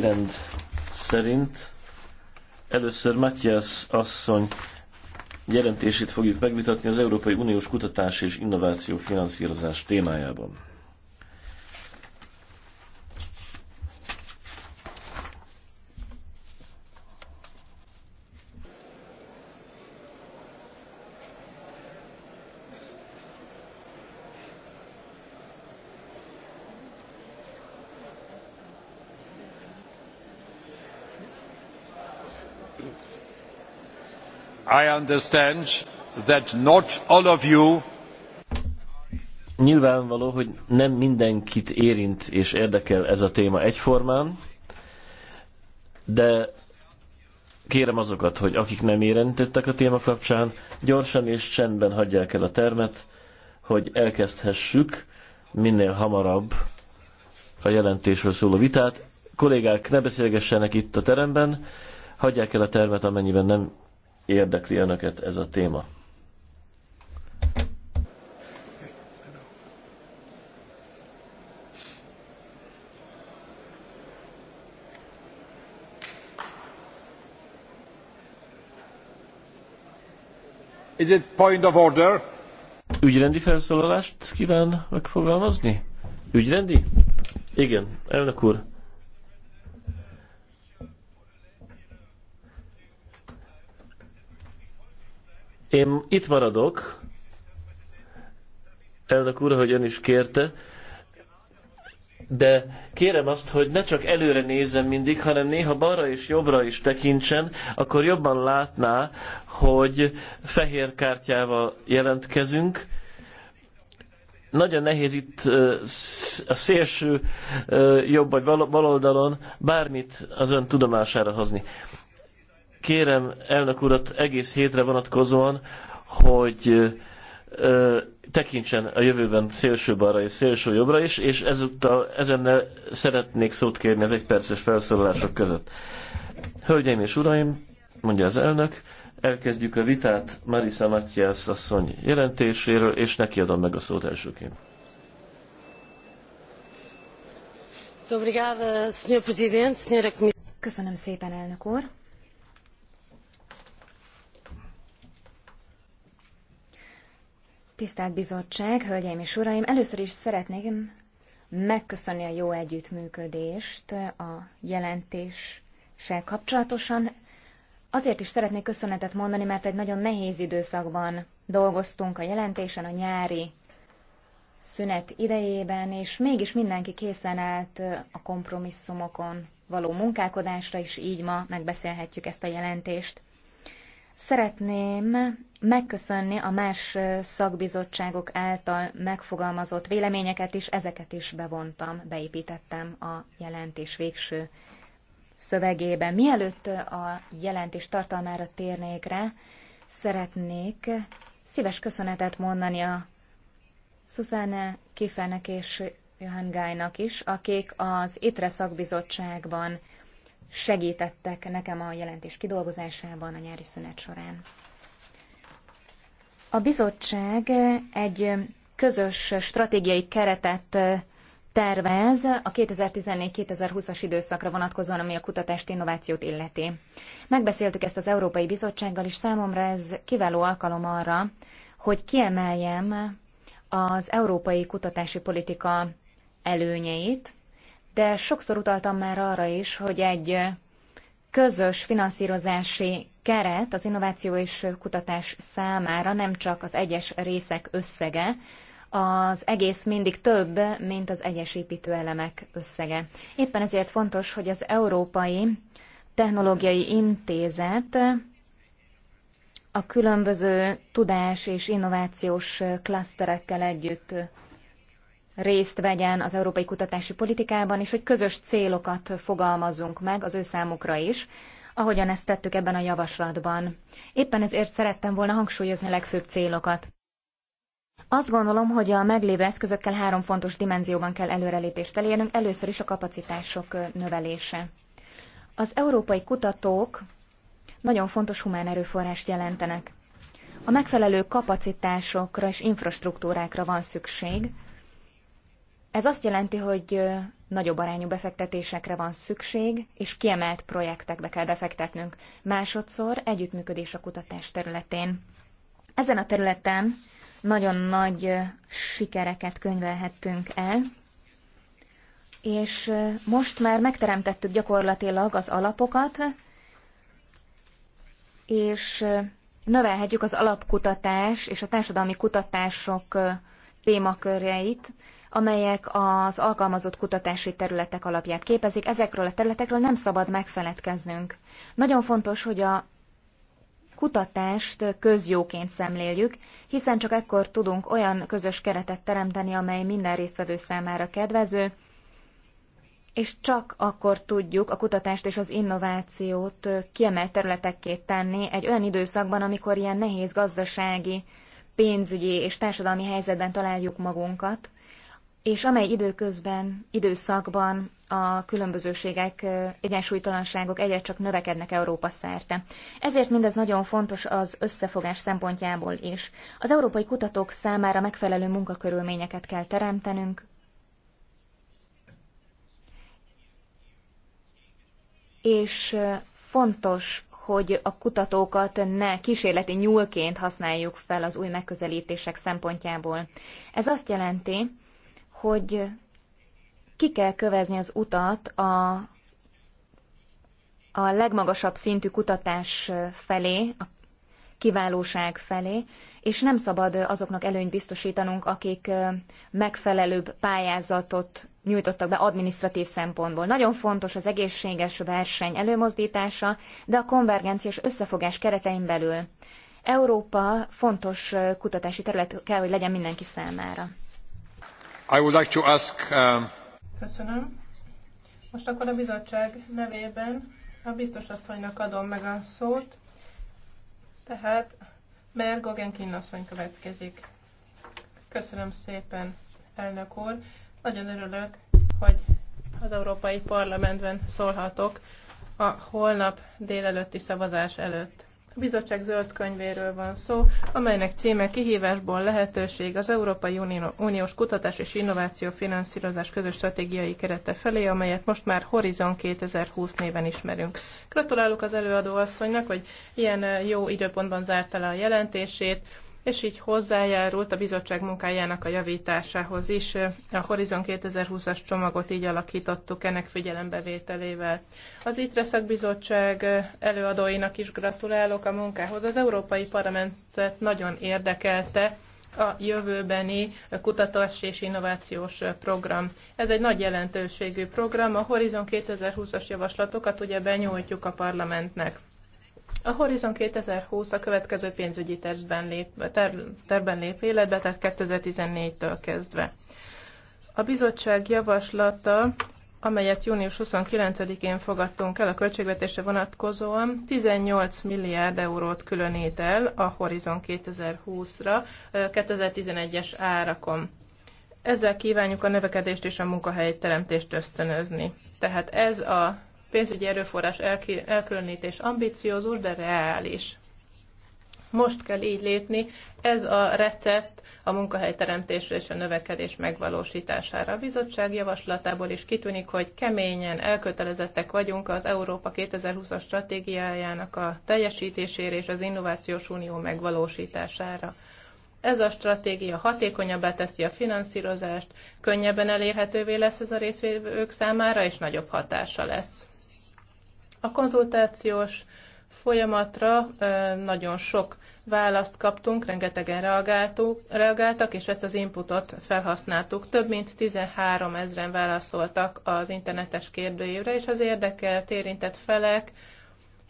napirend szerint először Matthias asszony jelentését fogjuk megvitatni az Európai Uniós Kutatás és Innováció finanszírozás témájában. Nyilvánvaló, hogy nem mindenkit érint és érdekel ez a téma egyformán, de kérem azokat, hogy akik nem érintettek a téma kapcsán, gyorsan és csendben hagyják el a termet, hogy elkezdhessük minél hamarabb a jelentésről szóló vitát. Kollégák, ne beszélgessenek itt a teremben, hagyják el a termet, amennyiben nem érdekli önöket ez a téma. Is it point of order? Ügyrendi felszólalást kíván megfogalmazni? Ügyrendi? Igen, elnök úr. Én itt maradok, elnök úr, hogy ön is kérte, de kérem azt, hogy ne csak előre nézzen mindig, hanem néha balra és jobbra is tekintsen, akkor jobban látná, hogy fehér kártyával jelentkezünk. Nagyon nehéz itt a szélső jobb vagy bal oldalon bármit az ön tudomására hozni kérem elnök urat egész hétre vonatkozóan, hogy ö, tekintsen a jövőben szélső balra és szélső jobbra is, és ezúttal ezennel szeretnék szót kérni az egyperces felszólalások között. Hölgyeim és uraim, mondja az elnök, elkezdjük a vitát Marisa Matthias asszony jelentéséről, és neki adom meg a szót elsőként. Köszönöm szépen, elnök úr! Tisztelt Bizottság, Hölgyeim és Uraim! Először is szeretnék megköszönni a jó együttműködést a jelentéssel kapcsolatosan. Azért is szeretnék köszönetet mondani, mert egy nagyon nehéz időszakban dolgoztunk a jelentésen a nyári szünet idejében, és mégis mindenki készen állt a kompromisszumokon való munkálkodásra, és így ma megbeszélhetjük ezt a jelentést. Szeretném megköszönni a más szakbizottságok által megfogalmazott véleményeket is, ezeket is bevontam, beépítettem a jelentés végső szövegébe. Mielőtt a jelentés tartalmára térnék rá, szeretnék szíves köszönetet mondani a Susanne Kiffernek és Johan Gájnak is, akik az ITRE szakbizottságban segítettek nekem a jelentés kidolgozásában a nyári szünet során. A bizottság egy közös stratégiai keretet tervez a 2014-2020-as időszakra vonatkozóan, ami a kutatást innovációt illeti. Megbeszéltük ezt az Európai Bizottsággal, és számomra ez kiváló alkalom arra, hogy kiemeljem az európai kutatási politika előnyeit, de sokszor utaltam már arra is, hogy egy közös finanszírozási keret az innováció és kutatás számára nem csak az egyes részek összege, az egész mindig több, mint az egyes építőelemek összege. Éppen ezért fontos, hogy az Európai Technológiai Intézet a különböző tudás és innovációs klaszterekkel együtt részt vegyen az európai kutatási politikában, és hogy közös célokat fogalmazzunk meg az ő számukra is, ahogyan ezt tettük ebben a javaslatban. Éppen ezért szerettem volna hangsúlyozni a legfőbb célokat. Azt gondolom, hogy a meglévő eszközökkel három fontos dimenzióban kell előrelépést elérnünk, először is a kapacitások növelése. Az európai kutatók nagyon fontos humán erőforrást jelentenek. A megfelelő kapacitásokra és infrastruktúrákra van szükség, ez azt jelenti, hogy nagyobb arányú befektetésekre van szükség, és kiemelt projektekbe kell befektetnünk. Másodszor együttműködés a kutatás területén. Ezen a területen nagyon nagy sikereket könyvelhettünk el, és most már megteremtettük gyakorlatilag az alapokat, és növelhetjük az alapkutatás és a társadalmi kutatások témaköreit, amelyek az alkalmazott kutatási területek alapját képezik. Ezekről a területekről nem szabad megfeledkeznünk. Nagyon fontos, hogy a kutatást közjóként szemléljük, hiszen csak ekkor tudunk olyan közös keretet teremteni, amely minden résztvevő számára kedvező, és csak akkor tudjuk a kutatást és az innovációt kiemelt területekké tenni egy olyan időszakban, amikor ilyen nehéz gazdasági, pénzügyi és társadalmi helyzetben találjuk magunkat, és amely időközben, időszakban a különbözőségek, egyensúlytalanságok egyre csak növekednek Európa szerte. Ezért mindez nagyon fontos az összefogás szempontjából is. Az európai kutatók számára megfelelő munkakörülményeket kell teremtenünk, és fontos, hogy a kutatókat ne kísérleti nyúlként használjuk fel az új megközelítések szempontjából. Ez azt jelenti, hogy ki kell kövezni az utat a, a legmagasabb szintű kutatás felé, a kiválóság felé, és nem szabad azoknak előnyt biztosítanunk, akik megfelelőbb pályázatot nyújtottak be adminisztratív szempontból. Nagyon fontos az egészséges verseny előmozdítása, de a konvergenciás összefogás keretein belül. Európa fontos kutatási terület kell, hogy legyen mindenki számára. I would like to ask, um... Köszönöm. Most akkor a bizottság nevében a biztos asszonynak adom meg a szót. Tehát Mer Gogenkin asszony következik. Köszönöm szépen, elnök úr. Nagyon örülök, hogy az Európai Parlamentben szólhatok a holnap délelőtti szavazás előtt bizottság zöld könyvéről van szó, amelynek címe kihívásból lehetőség az Európai Uniós Kutatás és Innováció Finanszírozás közös stratégiai kerete felé, amelyet most már Horizon 2020 néven ismerünk. Gratulálok az előadó asszonynak, hogy ilyen jó időpontban zárta le a jelentését, és így hozzájárult a bizottság munkájának a javításához is. A Horizon 2020-as csomagot így alakítottuk ennek figyelembevételével. Az ITRE szakbizottság előadóinak is gratulálok a munkához. Az Európai Parlamentet nagyon érdekelte a jövőbeni kutatás és innovációs program. Ez egy nagy jelentőségű program, a Horizon 2020-as javaslatokat ugye benyújtjuk a parlamentnek. A Horizon 2020 a következő pénzügyi tervben lép, ter, tervben lép életbe, tehát 2014-től kezdve. A bizottság javaslata, amelyet június 29-én fogadtunk el a költségvetésre vonatkozóan, 18 milliárd eurót különít el a Horizon 2020-ra 2011-es árakon. Ezzel kívánjuk a növekedést és a munkahelyteremtést ösztönözni. Tehát ez a pénzügyi erőforrás elkülönítés ambiciózus, de reális. Most kell így lépni, ez a recept a munkahelyteremtésre és a növekedés megvalósítására. A bizottság javaslatából is kitűnik, hogy keményen elkötelezettek vagyunk az Európa 2020-as stratégiájának a teljesítésére és az Innovációs Unió megvalósítására. Ez a stratégia hatékonyabbá teszi a finanszírozást, könnyebben elérhetővé lesz ez a részvévők számára, és nagyobb hatása lesz. A konzultációs folyamatra nagyon sok választ kaptunk, rengetegen reagáltak, és ezt az inputot felhasználtuk. Több mint 13 ezeren válaszoltak az internetes kérdőjére, és az érdekelt, érintett felek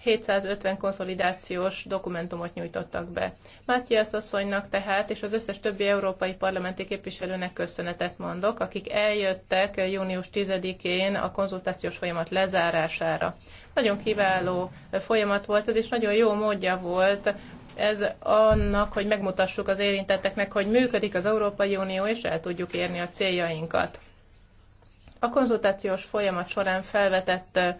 750 konszolidációs dokumentumot nyújtottak be. Mátyás asszonynak tehát, és az összes többi európai parlamenti képviselőnek köszönetet mondok, akik eljöttek június 10-én a konzultációs folyamat lezárására. Nagyon kiváló folyamat volt ez, és nagyon jó módja volt ez annak, hogy megmutassuk az érintetteknek, hogy működik az Európai Unió, és el tudjuk érni a céljainkat. A konzultációs folyamat során felvetett eh,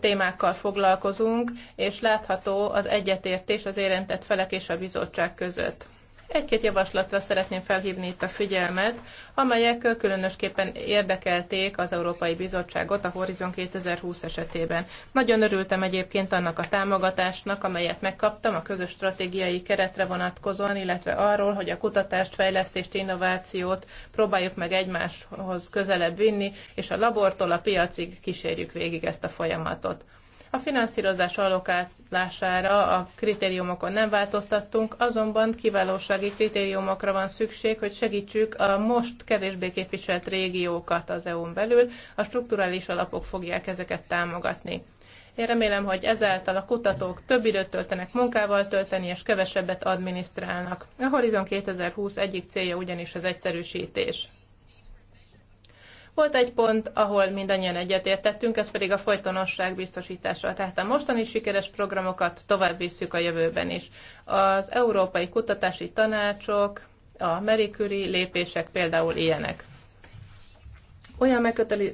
témákkal foglalkozunk, és látható az egyetértés az érintett felek és a bizottság között. Egy-két javaslatra szeretném felhívni itt a figyelmet, amelyek különösképpen érdekelték az Európai Bizottságot a Horizon 2020 esetében. Nagyon örültem egyébként annak a támogatásnak, amelyet megkaptam a közös stratégiai keretre vonatkozóan, illetve arról, hogy a kutatást, fejlesztést, innovációt próbáljuk meg egymáshoz közelebb vinni, és a labortól a piacig kísérjük végig ezt a folyamatot. A finanszírozás alokálására a kritériumokon nem változtattunk, azonban kiválósági kritériumokra van szükség, hogy segítsük a most kevésbé képviselt régiókat az EU-n belül, a strukturális alapok fogják ezeket támogatni. Én remélem, hogy ezáltal a kutatók több időt töltenek munkával tölteni, és kevesebbet adminisztrálnak. A Horizon 2020 egyik célja ugyanis az egyszerűsítés. Volt egy pont, ahol mindannyian egyetértettünk, ez pedig a folytonosság biztosítása. Tehát a mostani sikeres programokat tovább visszük a jövőben is. Az Európai Kutatási Tanácsok, a Meriküri lépések például ilyenek. Olyan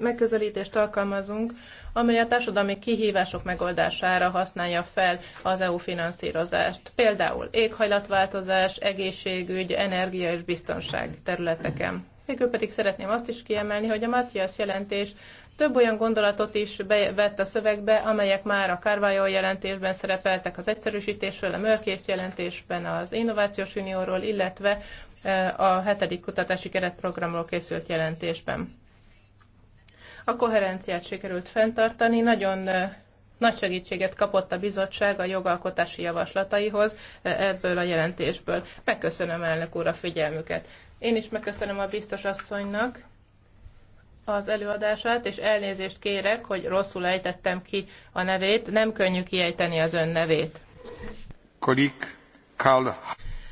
megközelítést alkalmazunk, amely a társadalmi kihívások megoldására használja fel az EU finanszírozást. Például éghajlatváltozás, egészségügy, energia és biztonság területeken Végül pedig szeretném azt is kiemelni, hogy a Matthias jelentés több olyan gondolatot is bevett a szövegbe, amelyek már a Carvajó jelentésben szerepeltek az egyszerűsítésről, a Mörkész jelentésben, az Innovációs Unióról, illetve eh, a hetedik kutatási keretprogramról készült jelentésben. A koherenciát sikerült fenntartani, nagyon eh, nagy segítséget kapott a bizottság a jogalkotási javaslataihoz eh, ebből a jelentésből. Megköszönöm elnök úr a figyelmüket. Én is megköszönöm a biztos asszonynak az előadását, és elnézést kérek, hogy rosszul ejtettem ki a nevét. Nem könnyű kiejteni az ön nevét. Kolik Karl.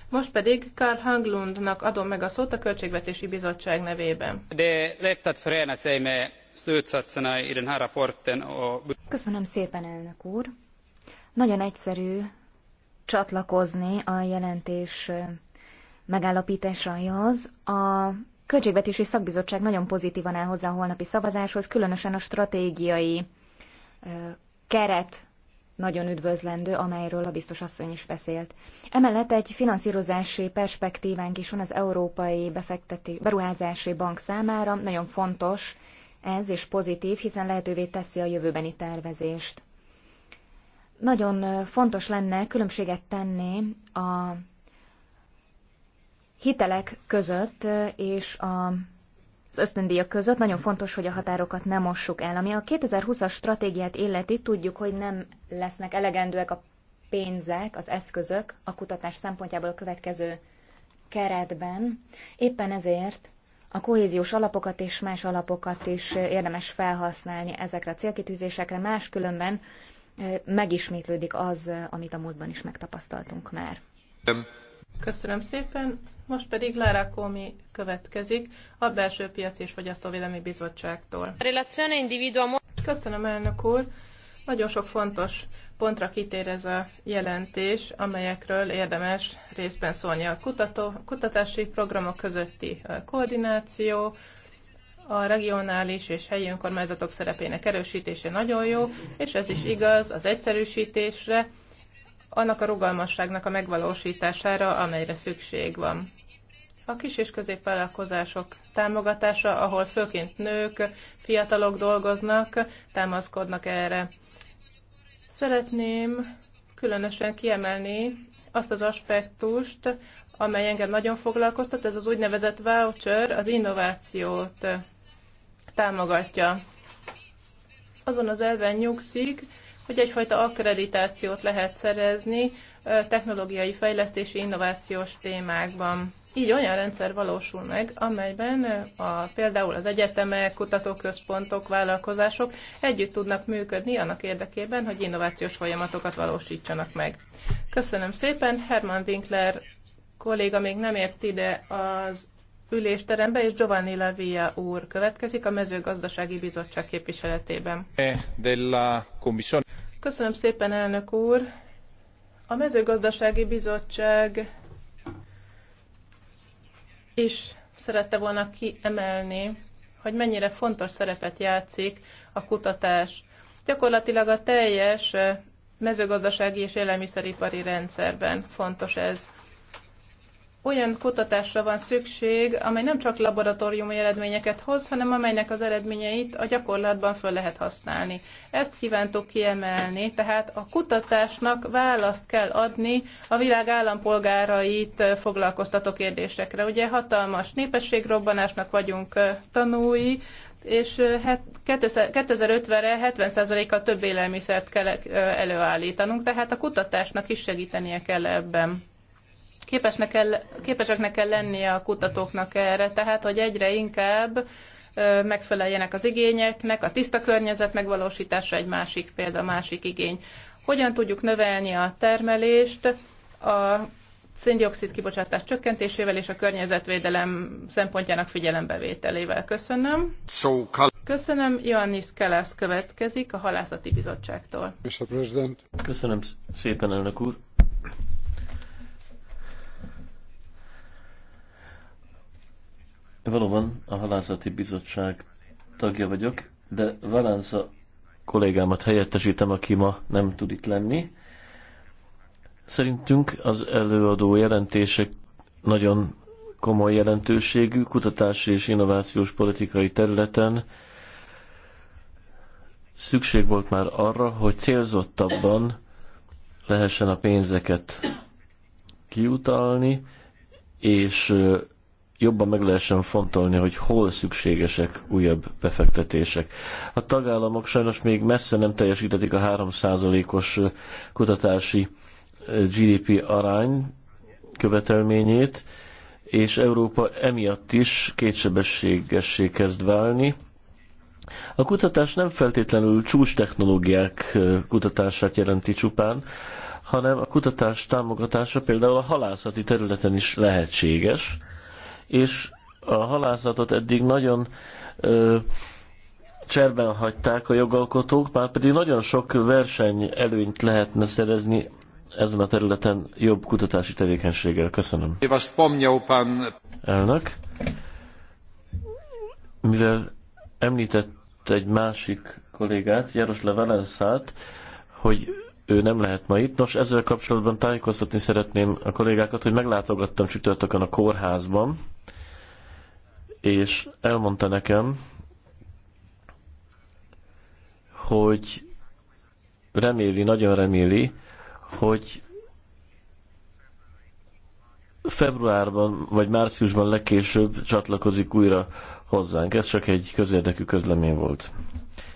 Most pedig Karl Hanglundnak adom meg a szót a Költségvetési Bizottság nevében. De lettet att förena sig iden hára porten a... Köszönöm szépen, elnök úr. Nagyon egyszerű csatlakozni a jelentés az A Költségvetési Szakbizottság nagyon pozitívan áll hozzá a holnapi szavazáshoz, különösen a stratégiai keret nagyon üdvözlendő, amelyről a biztos asszony is beszélt. Emellett egy finanszírozási perspektívánk is van az Európai Befekteti Beruházási Bank számára, nagyon fontos ez és pozitív, hiszen lehetővé teszi a jövőbeni tervezést. Nagyon fontos lenne különbséget tenni a hitelek között és a az ösztöndíjak között nagyon fontos, hogy a határokat nem mossuk el. Ami a 2020-as stratégiát illeti, tudjuk, hogy nem lesznek elegendőek a pénzek, az eszközök a kutatás szempontjából a következő keretben. Éppen ezért a kohéziós alapokat és más alapokat is érdemes felhasználni ezekre a célkitűzésekre, máskülönben megismétlődik az, amit a múltban is megtapasztaltunk már. Köszönöm szépen. Most pedig Lara Komi következik a Belső Piac és Fogyasztóvédelmi Bizottságtól. Köszönöm, elnök úr! Nagyon sok fontos pontra kitér ez a jelentés, amelyekről érdemes részben szólni a kutató, kutatási programok közötti koordináció, a regionális és helyi önkormányzatok szerepének erősítése nagyon jó, és ez is igaz az egyszerűsítésre, annak a rugalmasságnak a megvalósítására, amelyre szükség van. A kis és középvállalkozások támogatása, ahol főként nők, fiatalok dolgoznak, támaszkodnak erre. Szeretném különösen kiemelni azt az aspektust, amely engem nagyon foglalkoztat, ez az úgynevezett voucher az innovációt támogatja. Azon az elven nyugszik, hogy egyfajta akkreditációt lehet szerezni technológiai fejlesztési innovációs témákban. Így olyan rendszer valósul meg, amelyben a, például az egyetemek, kutatóközpontok, vállalkozások együtt tudnak működni annak érdekében, hogy innovációs folyamatokat valósítsanak meg. Köszönöm szépen, Herman Winkler kolléga még nem ért ide az ülésterembe, és Giovanni Lavia úr következik a mezőgazdasági bizottság képviseletében. Eh, Köszönöm szépen, elnök úr! A mezőgazdasági bizottság is szerette volna kiemelni, hogy mennyire fontos szerepet játszik a kutatás. Gyakorlatilag a teljes eh, mezőgazdasági és élelmiszeripari rendszerben fontos ez olyan kutatásra van szükség, amely nem csak laboratóriumi eredményeket hoz, hanem amelynek az eredményeit a gyakorlatban föl lehet használni. Ezt kívántuk kiemelni, tehát a kutatásnak választ kell adni a világ állampolgárait foglalkoztató kérdésekre. Ugye hatalmas népességrobbanásnak vagyunk tanúi, és 2050-re hát 70%-kal több élelmiszert kell előállítanunk, tehát a kutatásnak is segítenie kell ebben. Képesnek kell, képeseknek kell lennie a kutatóknak erre, tehát hogy egyre inkább megfeleljenek az igényeknek, a tiszta környezet megvalósítása egy másik példa, másik igény. Hogyan tudjuk növelni a termelést a széndiokszid kibocsátás csökkentésével és a környezetvédelem szempontjának figyelembevételével. Köszönöm. So, Köszönöm, Ioannis Kelász következik a Halászati Bizottságtól. Mr. President. Köszönöm szépen, elnök úr. Valóban a halászati bizottság tagja vagyok, de Valánza kollégámat helyettesítem, aki ma nem tud itt lenni. Szerintünk az előadó jelentések nagyon komoly jelentőségű kutatási és innovációs politikai területen szükség volt már arra, hogy célzottabban lehessen a pénzeket kiutalni, és jobban meg lehessen fontolni, hogy hol szükségesek újabb befektetések. A tagállamok sajnos még messze nem teljesítetik a 3%-os kutatási GDP arány követelményét, és Európa emiatt is kétsebességessé kezd válni. A kutatás nem feltétlenül csúcs technológiák kutatását jelenti csupán, hanem a kutatás támogatása például a halászati területen is lehetséges és a halászatot eddig nagyon ö, cserben hagyták a jogalkotók, már pedig nagyon sok verseny előnyt lehetne szerezni ezen a területen jobb kutatási tevékenységgel. Köszönöm. Elnök, mivel említett egy másik kollégát, Jarosle Valenszát, hogy ő nem lehet ma itt. Nos, ezzel kapcsolatban tájékoztatni szeretném a kollégákat, hogy meglátogattam csütörtökön a kórházban, és elmondta nekem, hogy reméli, nagyon reméli, hogy februárban vagy márciusban legkésőbb csatlakozik újra hozzánk. Ez csak egy közérdekű közlemény volt.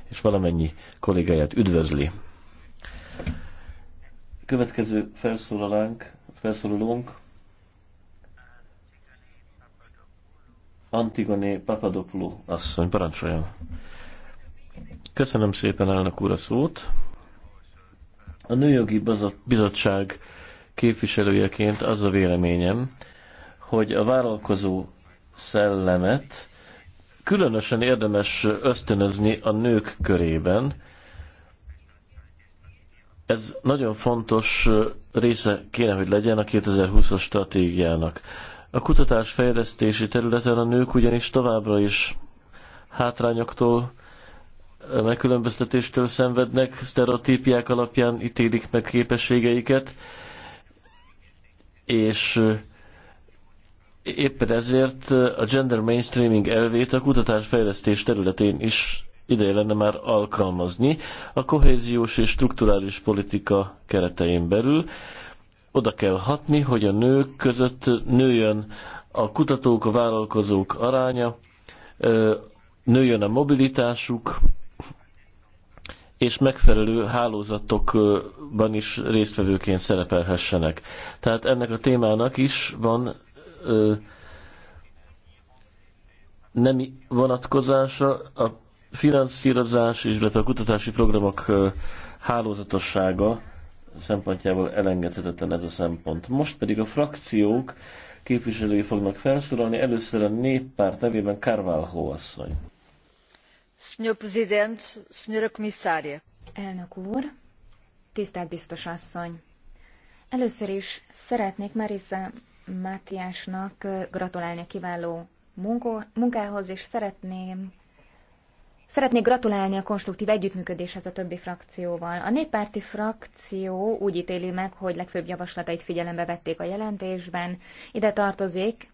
És valamennyi kollégáját üdvözli. Következő felszólalánk, felszólalónk Antigone Papadopoulou asszony, parancsoljon. Köszönöm szépen elnök úr a szót. A Nőjogi Bizottság képviselőjeként az a véleményem, hogy a vállalkozó szellemet különösen érdemes ösztönözni a nők körében. Ez nagyon fontos része kéne, hogy legyen a 2020-as stratégiának. A kutatás fejlesztési területen a nők ugyanis továbbra is hátrányoktól, megkülönböztetéstől szenvednek, sztereotípiák alapján ítélik meg képességeiket, és éppen ezért a gender mainstreaming elvét a fejlesztés területén is ideje lenne már alkalmazni a kohéziós és strukturális politika keretein belül, oda kell hatni, hogy a nők között nőjön a kutatók, a vállalkozók aránya, nőjön a mobilitásuk, és megfelelő hálózatokban is résztvevőként szerepelhessenek. Tehát ennek a témának is van nemi vonatkozása, a finanszírozás, illetve a kutatási programok hálózatossága szempontjából elengedhetetlen ez a szempont. Most pedig a frakciók képviselői fognak felszólalni, először a néppárt nevében Carvalho asszony. Senhor Presidente, Senhora Comissária. Elnök úr, tisztelt biztos asszony. Először is szeretnék Marisa Mátiásnak gratulálni a kiváló munkához, és szeretném Szeretnék gratulálni a konstruktív együttműködéshez a többi frakcióval. A néppárti frakció úgy ítéli meg, hogy legfőbb javaslatait figyelembe vették a jelentésben. Ide tartozik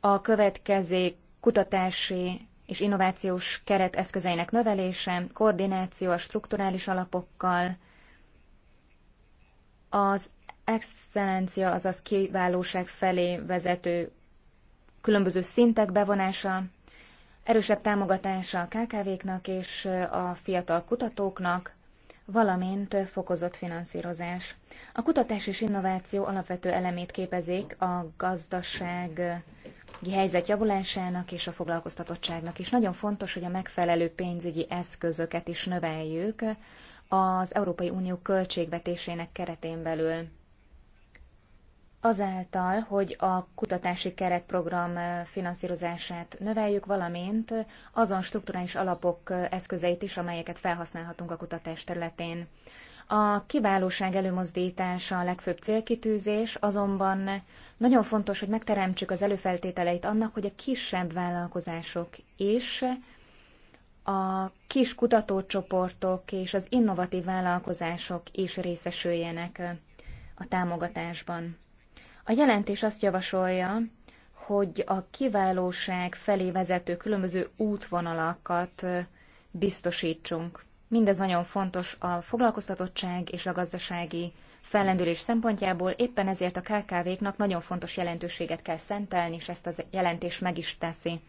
a következő kutatási és innovációs keret eszközeinek növelése, koordináció a strukturális alapokkal, az excellencia, azaz kiválóság felé vezető különböző szintek bevonása, erősebb támogatása a KKV-knak és a fiatal kutatóknak, valamint fokozott finanszírozás. A kutatás és innováció alapvető elemét képezik a gazdaság helyzet javulásának és a foglalkoztatottságnak is. Nagyon fontos, hogy a megfelelő pénzügyi eszközöket is növeljük az Európai Unió költségvetésének keretén belül azáltal, hogy a kutatási keretprogram finanszírozását növeljük, valamint azon strukturális alapok eszközeit is, amelyeket felhasználhatunk a kutatás területén. A kiválóság előmozdítása a legfőbb célkitűzés, azonban nagyon fontos, hogy megteremtsük az előfeltételeit annak, hogy a kisebb vállalkozások is a kis kutatócsoportok és az innovatív vállalkozások is részesüljenek a támogatásban. A jelentés azt javasolja, hogy a kiválóság felé vezető különböző útvonalakat biztosítsunk. Mindez nagyon fontos a foglalkoztatottság és a gazdasági fellendülés szempontjából, éppen ezért a KKV-knak nagyon fontos jelentőséget kell szentelni, és ezt a jelentés meg is teszi.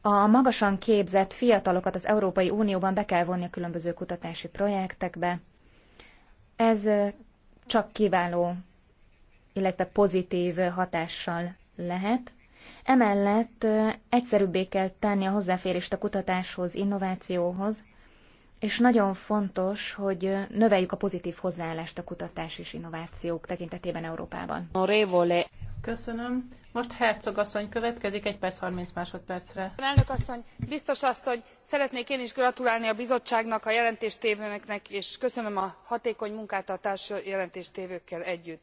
A magasan képzett fiatalokat az Európai Unióban be kell vonni a különböző kutatási projektekbe. Ez csak kiváló illetve pozitív hatással lehet. Emellett egyszerűbbé kell tenni a hozzáférést a kutatáshoz, innovációhoz, és nagyon fontos, hogy növeljük a pozitív hozzáállást a kutatás és innovációk tekintetében Európában. Köszönöm. Most Herzog asszony következik, egy perc 30 másodpercre. Elnök asszony, biztos asszony, szeretnék én is gratulálni a bizottságnak, a jelentéstévőnek, és köszönöm a hatékony munkát a társ jelentéstévőkkel együtt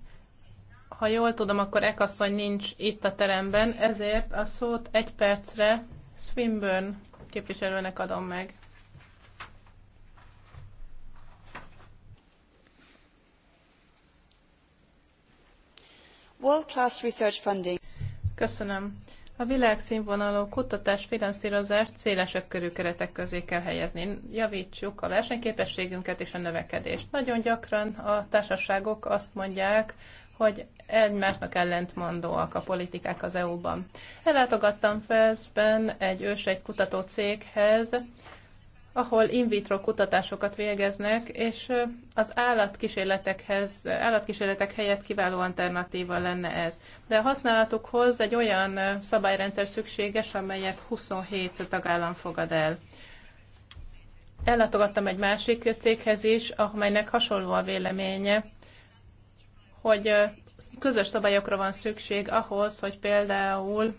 Ha jól tudom, akkor Ekasszony nincs itt a teremben, ezért a szót egy percre Swinburne képviselőnek adom meg. World class research funding. Köszönöm. A világszínvonalú kutatás finanszírozást szélesebb körű keretek közé kell helyezni. Javítsuk a versenyképességünket és a növekedést. Nagyon gyakran a társaságok azt mondják, hogy egymásnak ellentmondóak a politikák az EU-ban. Ellátogattam Felszben egy ősegy kutató céghez, ahol in vitro kutatásokat végeznek, és az állatkísérletekhez, állatkísérletek helyett kiváló alternatíva lenne ez. De a használatukhoz egy olyan szabályrendszer szükséges, amelyet 27 tagállam fogad el. Ellátogattam egy másik céghez is, amelynek hasonló a véleménye, hogy közös szabályokra van szükség ahhoz, hogy például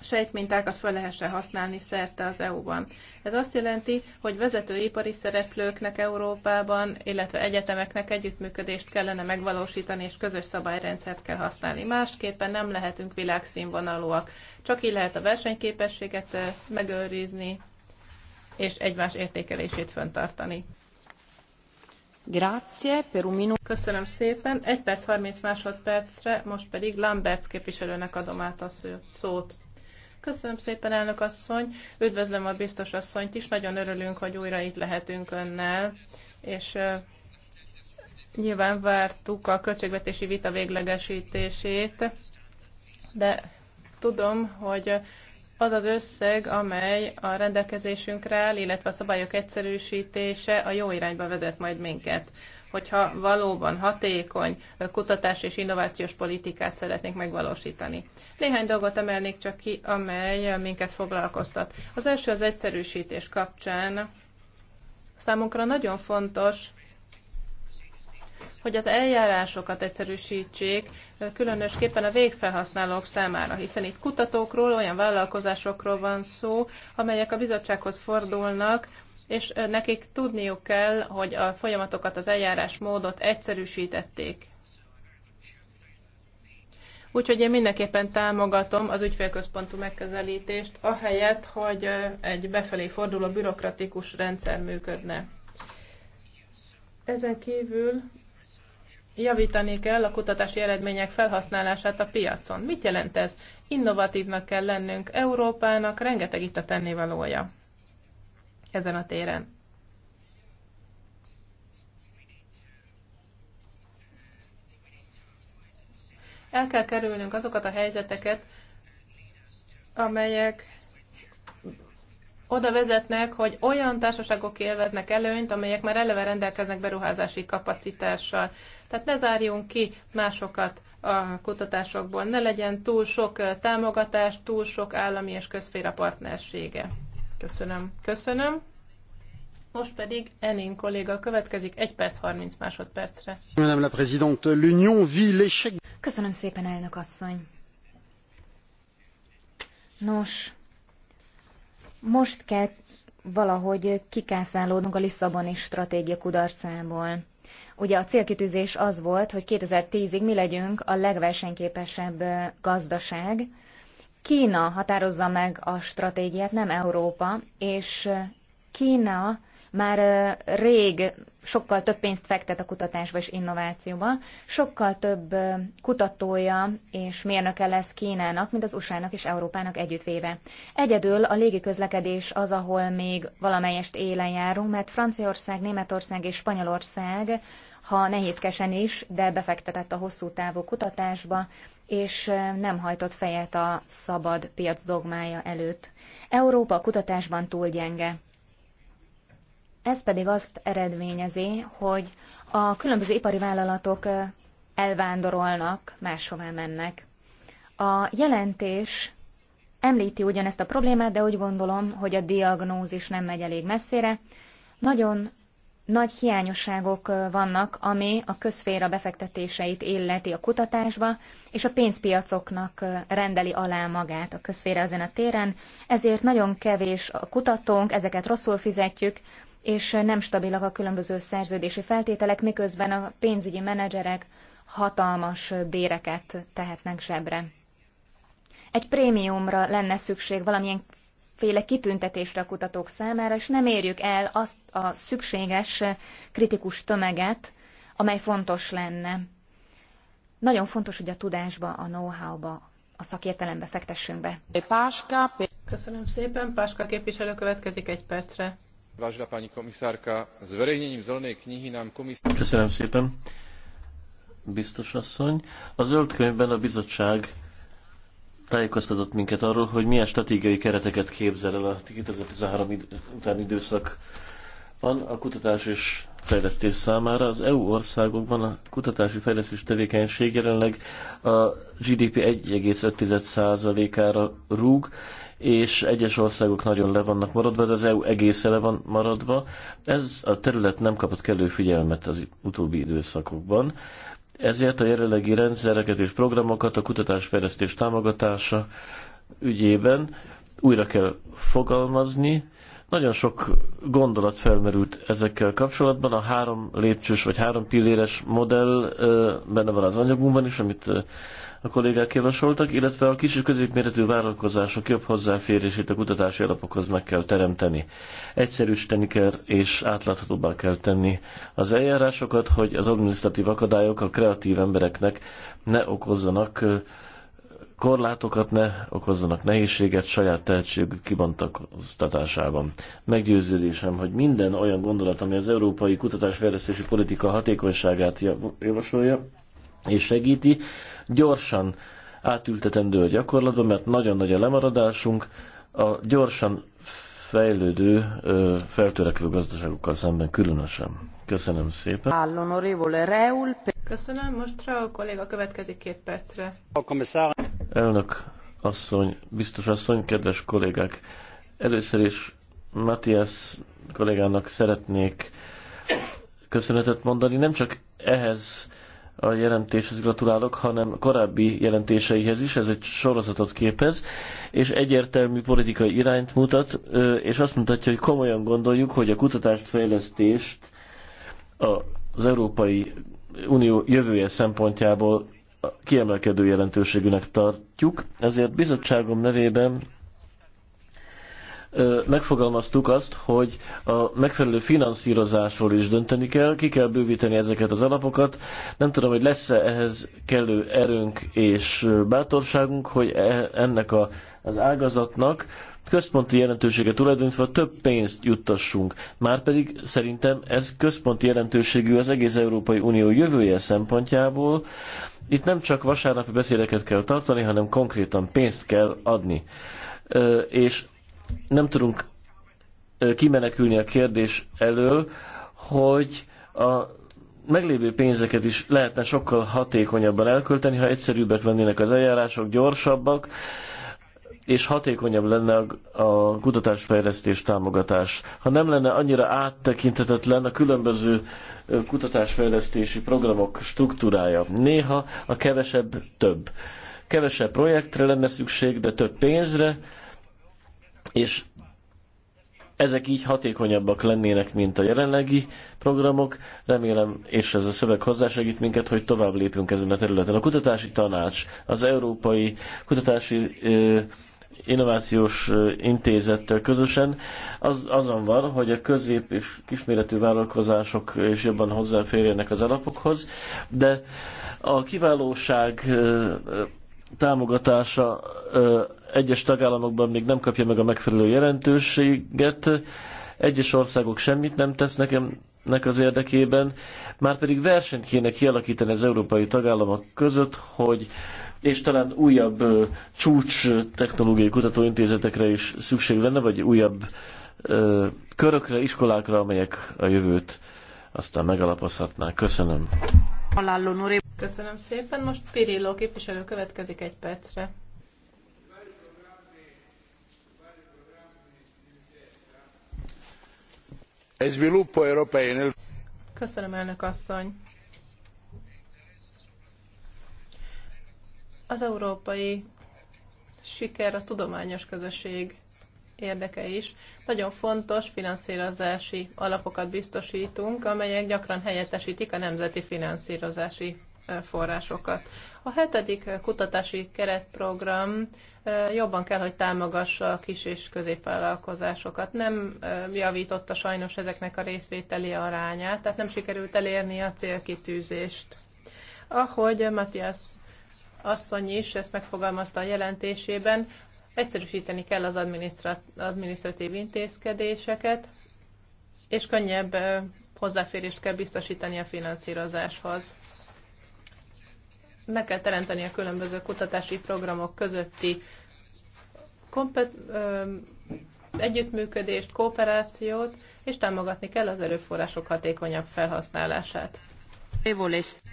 sejtmintákat fel lehessen használni szerte az EU-ban. Ez azt jelenti, hogy vezető ipari szereplőknek Európában, illetve egyetemeknek együttműködést kellene megvalósítani, és közös szabályrendszert kell használni. Másképpen nem lehetünk világszínvonalúak. Csak így lehet a versenyképességet megőrizni, és egymás értékelését föntartani. Köszönöm szépen. Egy perc 30 másodpercre, most pedig Lamberts képviselőnek adom át a szót. Köszönöm szépen, elnök asszony. Üdvözlöm a biztos asszonyt is. Nagyon örülünk, hogy újra itt lehetünk önnel. És nyilván vártuk a költségvetési vita véglegesítését, de tudom, hogy az az összeg, amely a rendelkezésünkre áll, illetve a szabályok egyszerűsítése a jó irányba vezet majd minket. Hogyha valóban hatékony kutatás és innovációs politikát szeretnénk megvalósítani. Néhány dolgot emelnék csak ki, amely minket foglalkoztat. Az első az egyszerűsítés kapcsán. Számunkra nagyon fontos, hogy az eljárásokat egyszerűsítsék, különösképpen a végfelhasználók számára, hiszen itt kutatókról, olyan vállalkozásokról van szó, amelyek a bizottsághoz fordulnak, és nekik tudniuk kell, hogy a folyamatokat, az eljárás módot egyszerűsítették. Úgyhogy én mindenképpen támogatom az ügyfélközpontú megközelítést, ahelyett, hogy egy befelé forduló bürokratikus rendszer működne. Ezen kívül javítani kell a kutatási eredmények felhasználását a piacon. Mit jelent ez? Innovatívnak kell lennünk Európának, rengeteg itt a tennivalója ezen a téren. El kell kerülnünk azokat a helyzeteket, amelyek oda vezetnek, hogy olyan társaságok élveznek előnyt, amelyek már eleve rendelkeznek beruházási kapacitással. Tehát ne zárjunk ki másokat a kutatásokból, ne legyen túl sok támogatás, túl sok állami és közféra partnersége. Köszönöm. Köszönöm. Most pedig Enin kolléga következik 1 perc 30 másodpercre. Madame la Présidente, l'Union vit l'échec. Köszönöm szépen, elnök asszony. Nos, most kell valahogy kikászálódnunk a Lisszaboni stratégia kudarcából. Ugye a célkitűzés az volt, hogy 2010-ig mi legyünk a legversenyképesebb gazdaság. Kína határozza meg a stratégiát, nem Európa, és Kína már rég sokkal több pénzt fektet a kutatásba és innovációba, sokkal több kutatója és mérnöke lesz Kínának, mint az USA-nak és Európának együttvéve. Egyedül a légiközlekedés az, ahol még valamelyest élen járunk, mert Franciaország, Németország és Spanyolország, ha nehézkesen is, de befektetett a hosszú távú kutatásba, és nem hajtott fejet a szabad piac dogmája előtt. Európa kutatásban túl gyenge. Ez pedig azt eredményezi, hogy a különböző ipari vállalatok elvándorolnak, máshová mennek. A jelentés említi ugyanezt a problémát, de úgy gondolom, hogy a diagnózis nem megy elég messzire. Nagyon nagy hiányosságok vannak, ami a közféra befektetéseit illeti a kutatásba, és a pénzpiacoknak rendeli alá magát a közféra ezen a téren, ezért nagyon kevés a kutatónk, ezeket rosszul fizetjük, és nem stabilak a különböző szerződési feltételek, miközben a pénzügyi menedzserek hatalmas béreket tehetnek zsebre. Egy prémiumra lenne szükség valamilyen féle kitüntetésre a kutatók számára, és nem érjük el azt a szükséges kritikus tömeget, amely fontos lenne. Nagyon fontos, hogy a tudásba, a know-how-ba, a szakértelembe fektessünk be. Köszönöm szépen. Páska képviselő következik egy percre. Vážená pani komisárka, zverejnením zelenej knihy nám komisár... Köszönöm szépen, biztos asszony. A zöld könyvben a bizottság tájékoztatott minket arról, hogy milyen stratégiai kereteket képzel el a 2013 utáni időszak van a kutatás és fejlesztés számára. Az EU országokban a kutatási fejlesztés tevékenység jelenleg a GDP 1,5%-ára rúg, és egyes országok nagyon le vannak maradva, de az EU egészen le van maradva. Ez a terület nem kapott kellő figyelmet az utóbbi időszakokban. Ezért a jelenlegi rendszereket és programokat a kutatásfejlesztés támogatása ügyében újra kell fogalmazni, nagyon sok gondolat felmerült ezekkel kapcsolatban. A három lépcsős vagy három pilléres modell benne van az anyagunkban is, amit a kollégák javasoltak, illetve a kis és középméretű vállalkozások jobb hozzáférését a kutatási alapokhoz meg kell teremteni. Egyszerűsíteni kell és átláthatóbbá kell tenni az eljárásokat, hogy az administratív akadályok a kreatív embereknek ne okozzanak korlátokat ne okozzanak nehézséget saját tehetség kibontakoztatásában. Meggyőződésem, hogy minden olyan gondolat, ami az európai kutatásfejlesztési politika hatékonyságát javasolja és segíti, gyorsan átültetendő a gyakorlatban, mert nagyon nagy a lemaradásunk a gyorsan fejlődő, feltörekvő gazdaságokkal szemben különösen. Köszönöm szépen. Köszönöm. Most rá a kolléga következik két percre. Elnök asszony, biztos asszony, kedves kollégák! Először is Matthias kollégának szeretnék köszönetet mondani. Nem csak ehhez a jelentéshez gratulálok, hanem korábbi jelentéseihez is, ez egy sorozatot képez, és egyértelmű politikai irányt mutat, és azt mutatja, hogy komolyan gondoljuk, hogy a kutatást, fejlesztést az európai Unió jövője szempontjából kiemelkedő jelentőségűnek tartjuk, ezért bizottságom nevében megfogalmaztuk azt, hogy a megfelelő finanszírozásról is dönteni kell, ki kell bővíteni ezeket az alapokat. Nem tudom, hogy lesz-e ehhez kellő erőnk és bátorságunk, hogy e, ennek az ágazatnak központi jelentősége tulajdonítva több pénzt juttassunk. Márpedig szerintem ez központi jelentőségű az egész Európai Unió jövője szempontjából. Itt nem csak vasárnapi beszédeket kell tartani, hanem konkrétan pénzt kell adni. És nem tudunk kimenekülni a kérdés elől, hogy a meglévő pénzeket is lehetne sokkal hatékonyabban elkölteni, ha egyszerűbbek lennének az eljárások, gyorsabbak, és hatékonyabb lenne a kutatásfejlesztés támogatás. Ha nem lenne annyira áttekintetetlen a különböző kutatásfejlesztési programok struktúrája. Néha a kevesebb több. Kevesebb projektre lenne szükség, de több pénzre, és ezek így hatékonyabbak lennének, mint a jelenlegi programok. Remélem, és ez a szöveg hozzásegít minket, hogy tovább lépünk ezen a területen. A kutatási tanács, az Európai Kutatási Innovációs Intézettel közösen, az azon van, hogy a közép és kisméretű vállalkozások is jobban hozzáférjenek az alapokhoz, de a kiválóság támogatása egyes tagállamokban még nem kapja meg a megfelelő jelentőséget, egyes országok semmit nem tesznek nek az érdekében, már pedig versenyt kéne kialakítani az európai tagállamok között, hogy és talán újabb csúcs technológiai kutatóintézetekre is szükség lenne, vagy újabb ö, körökre, iskolákra, amelyek a jövőt aztán megalapozhatnák. Köszönöm. Köszönöm szépen. Most Pirilló képviselő következik egy percre. Köszönöm, elnök asszony. Az európai siker a tudományos közösség érdeke is. Nagyon fontos finanszírozási alapokat biztosítunk, amelyek gyakran helyettesítik a nemzeti finanszírozási forrásokat. A hetedik kutatási keretprogram jobban kell, hogy támogassa a kis és középvállalkozásokat. Nem javította sajnos ezeknek a részvételi arányát, tehát nem sikerült elérni a célkitűzést. Ahogy Matthias asszony is ezt megfogalmazta a jelentésében, egyszerűsíteni kell az adminisztratív intézkedéseket, és könnyebb hozzáférést kell biztosítani a finanszírozáshoz. Meg kell teremteni a különböző kutatási programok közötti kompet- együttműködést, kooperációt, és támogatni kell az erőforrások hatékonyabb felhasználását.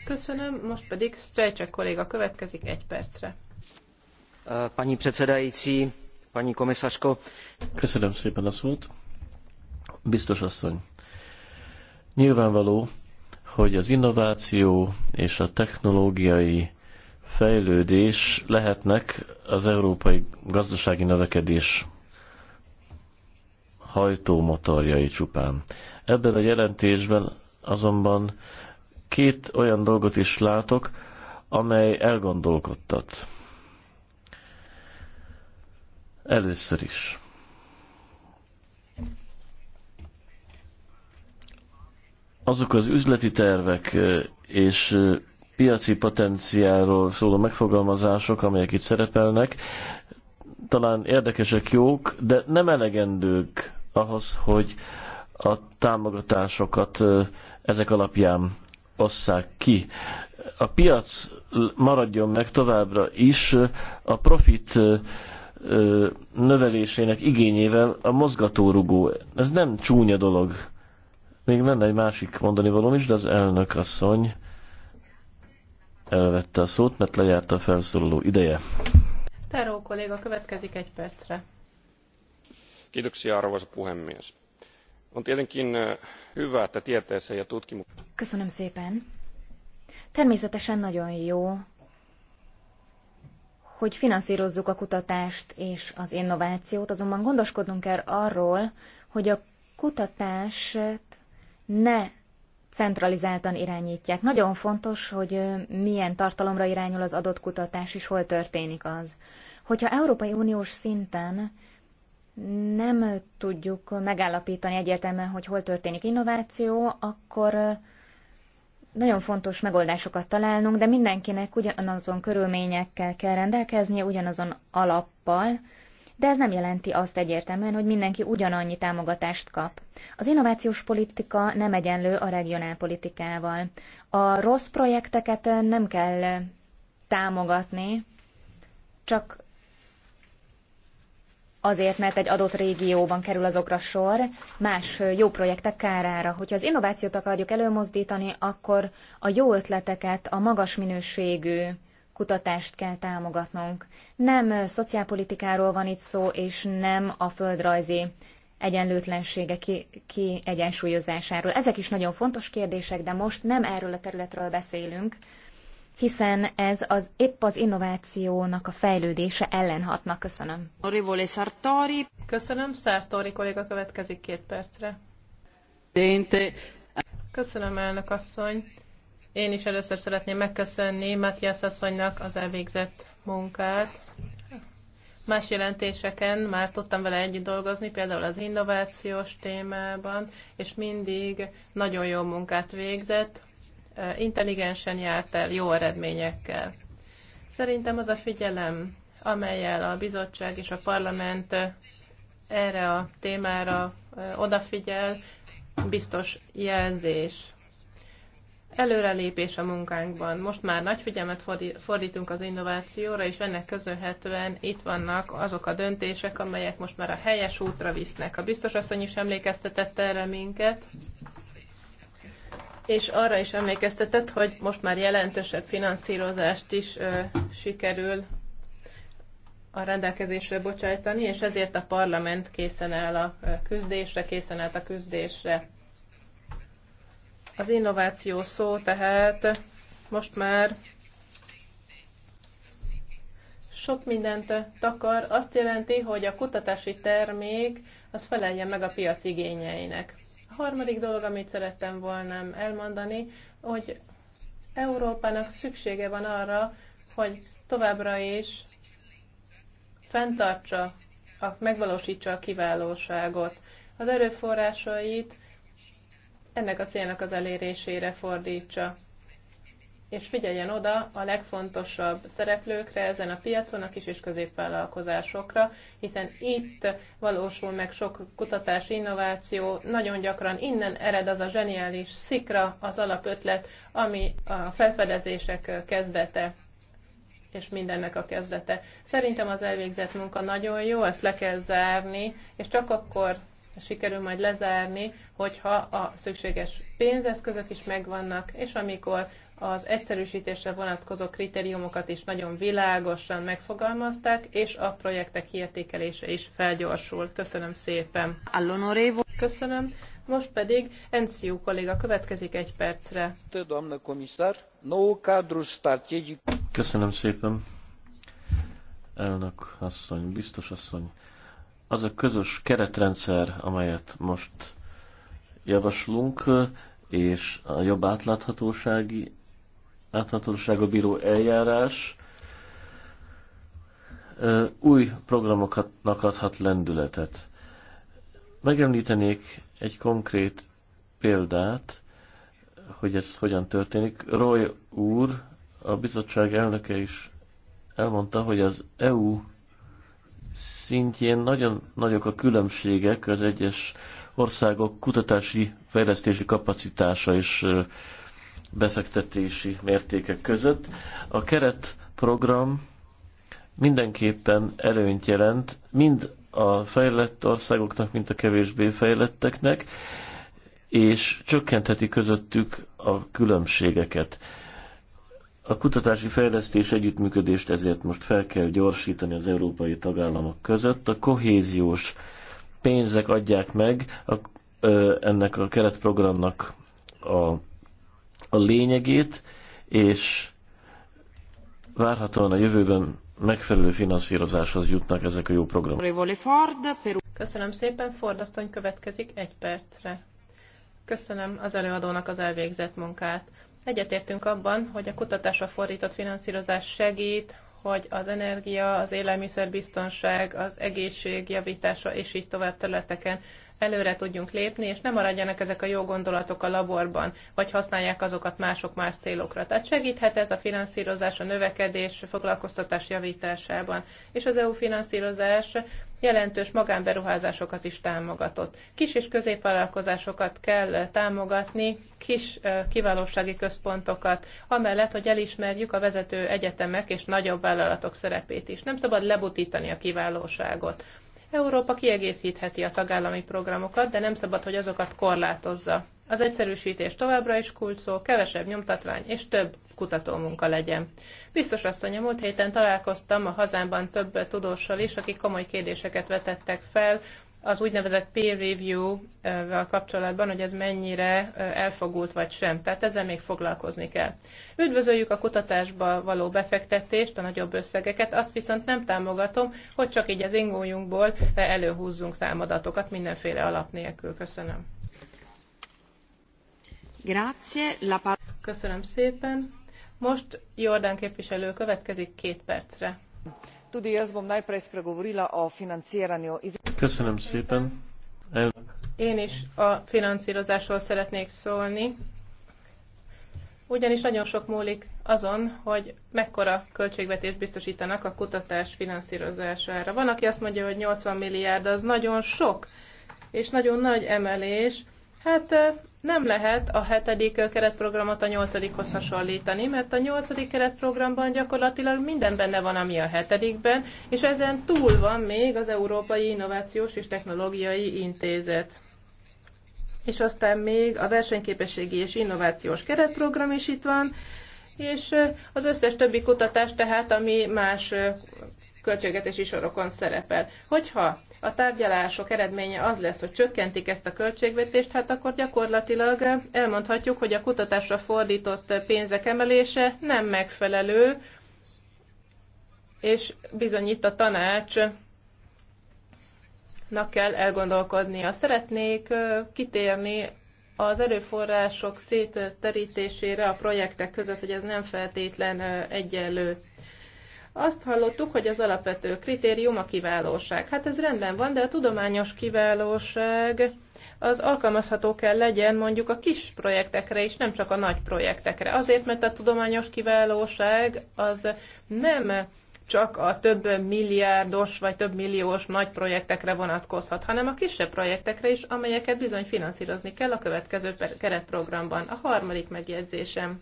Köszönöm, most pedig Strejcsek kolléga következik egy percre. Pani předsedající, pani komisařko. Köszönöm szépen a szót. Biztos asszony. Nyilvánvaló, hogy az innováció és a technológiai fejlődés lehetnek az európai gazdasági növekedés hajtómotorjai csupán. Ebben a jelentésben azonban két olyan dolgot is látok, amely elgondolkodtat. Először is. Azok az üzleti tervek és piaci potenciálról szóló megfogalmazások, amelyek itt szerepelnek, talán érdekesek, jók, de nem elegendők ahhoz, hogy a támogatásokat ezek alapján osszák ki. A piac maradjon meg továbbra is a profit növelésének igényével a mozgatórugó. Ez nem csúnya dolog. Még lenne egy másik mondani valóm is, de az elnök asszony elvette a szót, mert lejárt a felszólaló ideje. Teró kolléga, következik egy percre. Kiitoksia arvoisa puhemies. On tietenkin eh, hyvä, että tieteeseen ja tutkimukseen. Köszönöm szépen. Természetesen nagyon jó, hogy finanszírozzuk a kutatást és az innovációt, azonban gondoskodnunk kell arról, hogy a kutatást ne centralizáltan irányítják. Nagyon fontos, hogy eh, milyen tartalomra irányul az adott kutatás, és hol történik az. Hogyha Európai Uniós szinten nem tudjuk megállapítani egyértelműen, hogy hol történik innováció, akkor nagyon fontos megoldásokat találnunk, de mindenkinek ugyanazon körülményekkel kell rendelkeznie, ugyanazon alappal, de ez nem jelenti azt egyértelműen, hogy mindenki ugyanannyi támogatást kap. Az innovációs politika nem egyenlő a regionálpolitikával. A rossz projekteket nem kell támogatni, csak azért, mert egy adott régióban kerül azokra sor, más jó projektek kárára. Hogyha az innovációt akarjuk előmozdítani, akkor a jó ötleteket, a magas minőségű kutatást kell támogatnunk. Nem szociálpolitikáról van itt szó, és nem a földrajzi egyenlőtlensége kiegyensúlyozásáról. Ki Ezek is nagyon fontos kérdések, de most nem erről a területről beszélünk, hiszen ez az, épp az innovációnak a fejlődése ellen hatna. Köszönöm. Sartori. Köszönöm, Sartori kolléga következik két percre. Köszönöm, elnök asszony. Én is először szeretném megköszönni Matthias asszonynak az elvégzett munkát. Más jelentéseken már tudtam vele együtt dolgozni, például az innovációs témában, és mindig nagyon jó munkát végzett, intelligensen járt el, jó eredményekkel. Szerintem az a figyelem, amelyel a bizottság és a parlament erre a témára odafigyel, biztos jelzés. Előrelépés a munkánkban. Most már nagy figyelmet fordítunk az innovációra, és ennek köszönhetően itt vannak azok a döntések, amelyek most már a helyes útra visznek. A biztos asszony is emlékeztetett erre minket és arra is emlékeztetett, hogy most már jelentősebb finanszírozást is ö, sikerül a rendelkezésre bocsájtani, és ezért a parlament készen áll a küzdésre, készen állt a küzdésre. Az innováció szó tehát most már sok mindent takar, azt jelenti, hogy a kutatási termék az felelje meg a piac igényeinek. A harmadik dolog, amit szerettem volna elmondani, hogy Európának szüksége van arra, hogy továbbra is fenntartsa, a, megvalósítsa a kiválóságot. Az erőforrásait ennek a célnak az elérésére fordítsa és figyeljen oda a legfontosabb szereplőkre ezen a piacon, a kis és középvállalkozásokra, hiszen itt valósul meg sok kutatás, innováció, nagyon gyakran innen ered az a zseniális szikra, az alapötlet, ami a felfedezések kezdete és mindennek a kezdete. Szerintem az elvégzett munka nagyon jó, ezt le kell zárni, és csak akkor sikerül majd lezárni, hogyha a szükséges pénzeszközök is megvannak, és amikor az egyszerűsítésre vonatkozó kritériumokat is nagyon világosan megfogalmazták, és a projektek kiértékelése is felgyorsul. Köszönöm szépen. Köszönöm. Most pedig Enciu kolléga következik egy percre. Köszönöm szépen. Elnök asszony, biztos asszony. Az a közös keretrendszer, amelyet most javaslunk, és a jobb átláthatósági láthatósága bíró eljárás új programoknak adhat lendületet. Megemlítenék egy konkrét példát, hogy ez hogyan történik. Roy úr, a bizottság elnöke is elmondta, hogy az EU szintjén nagyon nagyok a különbségek az egyes országok kutatási fejlesztési kapacitása és befektetési mértékek között. A keretprogram mindenképpen előnyt jelent mind a fejlett országoknak, mint a kevésbé fejletteknek, és csökkentheti közöttük a különbségeket. A kutatási fejlesztés együttműködést ezért most fel kell gyorsítani az európai tagállamok között. A kohéziós pénzek adják meg a, ö, ennek a keretprogramnak a a lényegét, és várhatóan a jövőben megfelelő finanszírozáshoz jutnak ezek a jó programok. Köszönöm szépen, Fordasztony következik egy percre. Köszönöm az előadónak az elvégzett munkát. Egyetértünk abban, hogy a kutatásra fordított finanszírozás segít, hogy az energia, az élelmiszerbiztonság, az egészség javítása és így tovább területeken előre tudjunk lépni, és nem maradjanak ezek a jó gondolatok a laborban, vagy használják azokat mások más célokra. Tehát segíthet ez a finanszírozás, a növekedés, foglalkoztatás javításában. És az EU finanszírozás jelentős magánberuházásokat is támogatott. Kis és középvállalkozásokat kell támogatni, kis kiválósági központokat, amellett, hogy elismerjük a vezető egyetemek és nagyobb vállalatok szerepét is. Nem szabad lebutítani a kiválóságot. Európa kiegészítheti a tagállami programokat, de nem szabad, hogy azokat korlátozza. Az egyszerűsítés továbbra is kulcsó, kevesebb nyomtatvány és több kutatómunka legyen. Biztos asszony, a múlt héten találkoztam a hazámban több tudóssal is, akik komoly kérdéseket vetettek fel az úgynevezett peer review-vel kapcsolatban, hogy ez mennyire elfogult vagy sem. Tehát ezzel még foglalkozni kell. Üdvözöljük a kutatásba való befektetést, a nagyobb összegeket, azt viszont nem támogatom, hogy csak így az ingójunkból előhúzzunk számadatokat mindenféle alap nélkül. Köszönöm. Grazie. La Köszönöm szépen. Most Jordán képviselő következik két percre. Tudi jaz bom najprej spregovorila o financiranju. Köszönöm szépen. El... Én is a finanszírozásról szeretnék szólni, ugyanis nagyon sok múlik azon, hogy mekkora költségvetést biztosítanak a kutatás finanszírozására. Van, aki azt mondja, hogy 80 milliárd az nagyon sok, és nagyon nagy emelés, Hát nem lehet a hetedik keretprogramot a nyolcadikhoz hasonlítani, mert a nyolcadik keretprogramban gyakorlatilag minden benne van, ami a hetedikben, és ezen túl van még az Európai Innovációs és Technológiai Intézet. És aztán még a versenyképességi és innovációs keretprogram is itt van, és az összes többi kutatás tehát, ami más költségetési sorokon szerepel. Hogyha a tárgyalások eredménye az lesz, hogy csökkentik ezt a költségvetést, hát akkor gyakorlatilag elmondhatjuk, hogy a kutatásra fordított pénzek emelése nem megfelelő, és bizony itt a tanács kell elgondolkodnia. Szeretnék kitérni az erőforrások szétterítésére a projektek között, hogy ez nem feltétlen egyenlő. Azt hallottuk, hogy az alapvető kritérium a kiválóság. Hát ez rendben van, de a tudományos kiválóság az alkalmazható kell legyen mondjuk a kis projektekre is, nem csak a nagy projektekre. Azért, mert a tudományos kiválóság az nem csak a több milliárdos vagy több milliós nagy projektekre vonatkozhat, hanem a kisebb projektekre is, amelyeket bizony finanszírozni kell a következő keretprogramban. A harmadik megjegyzésem.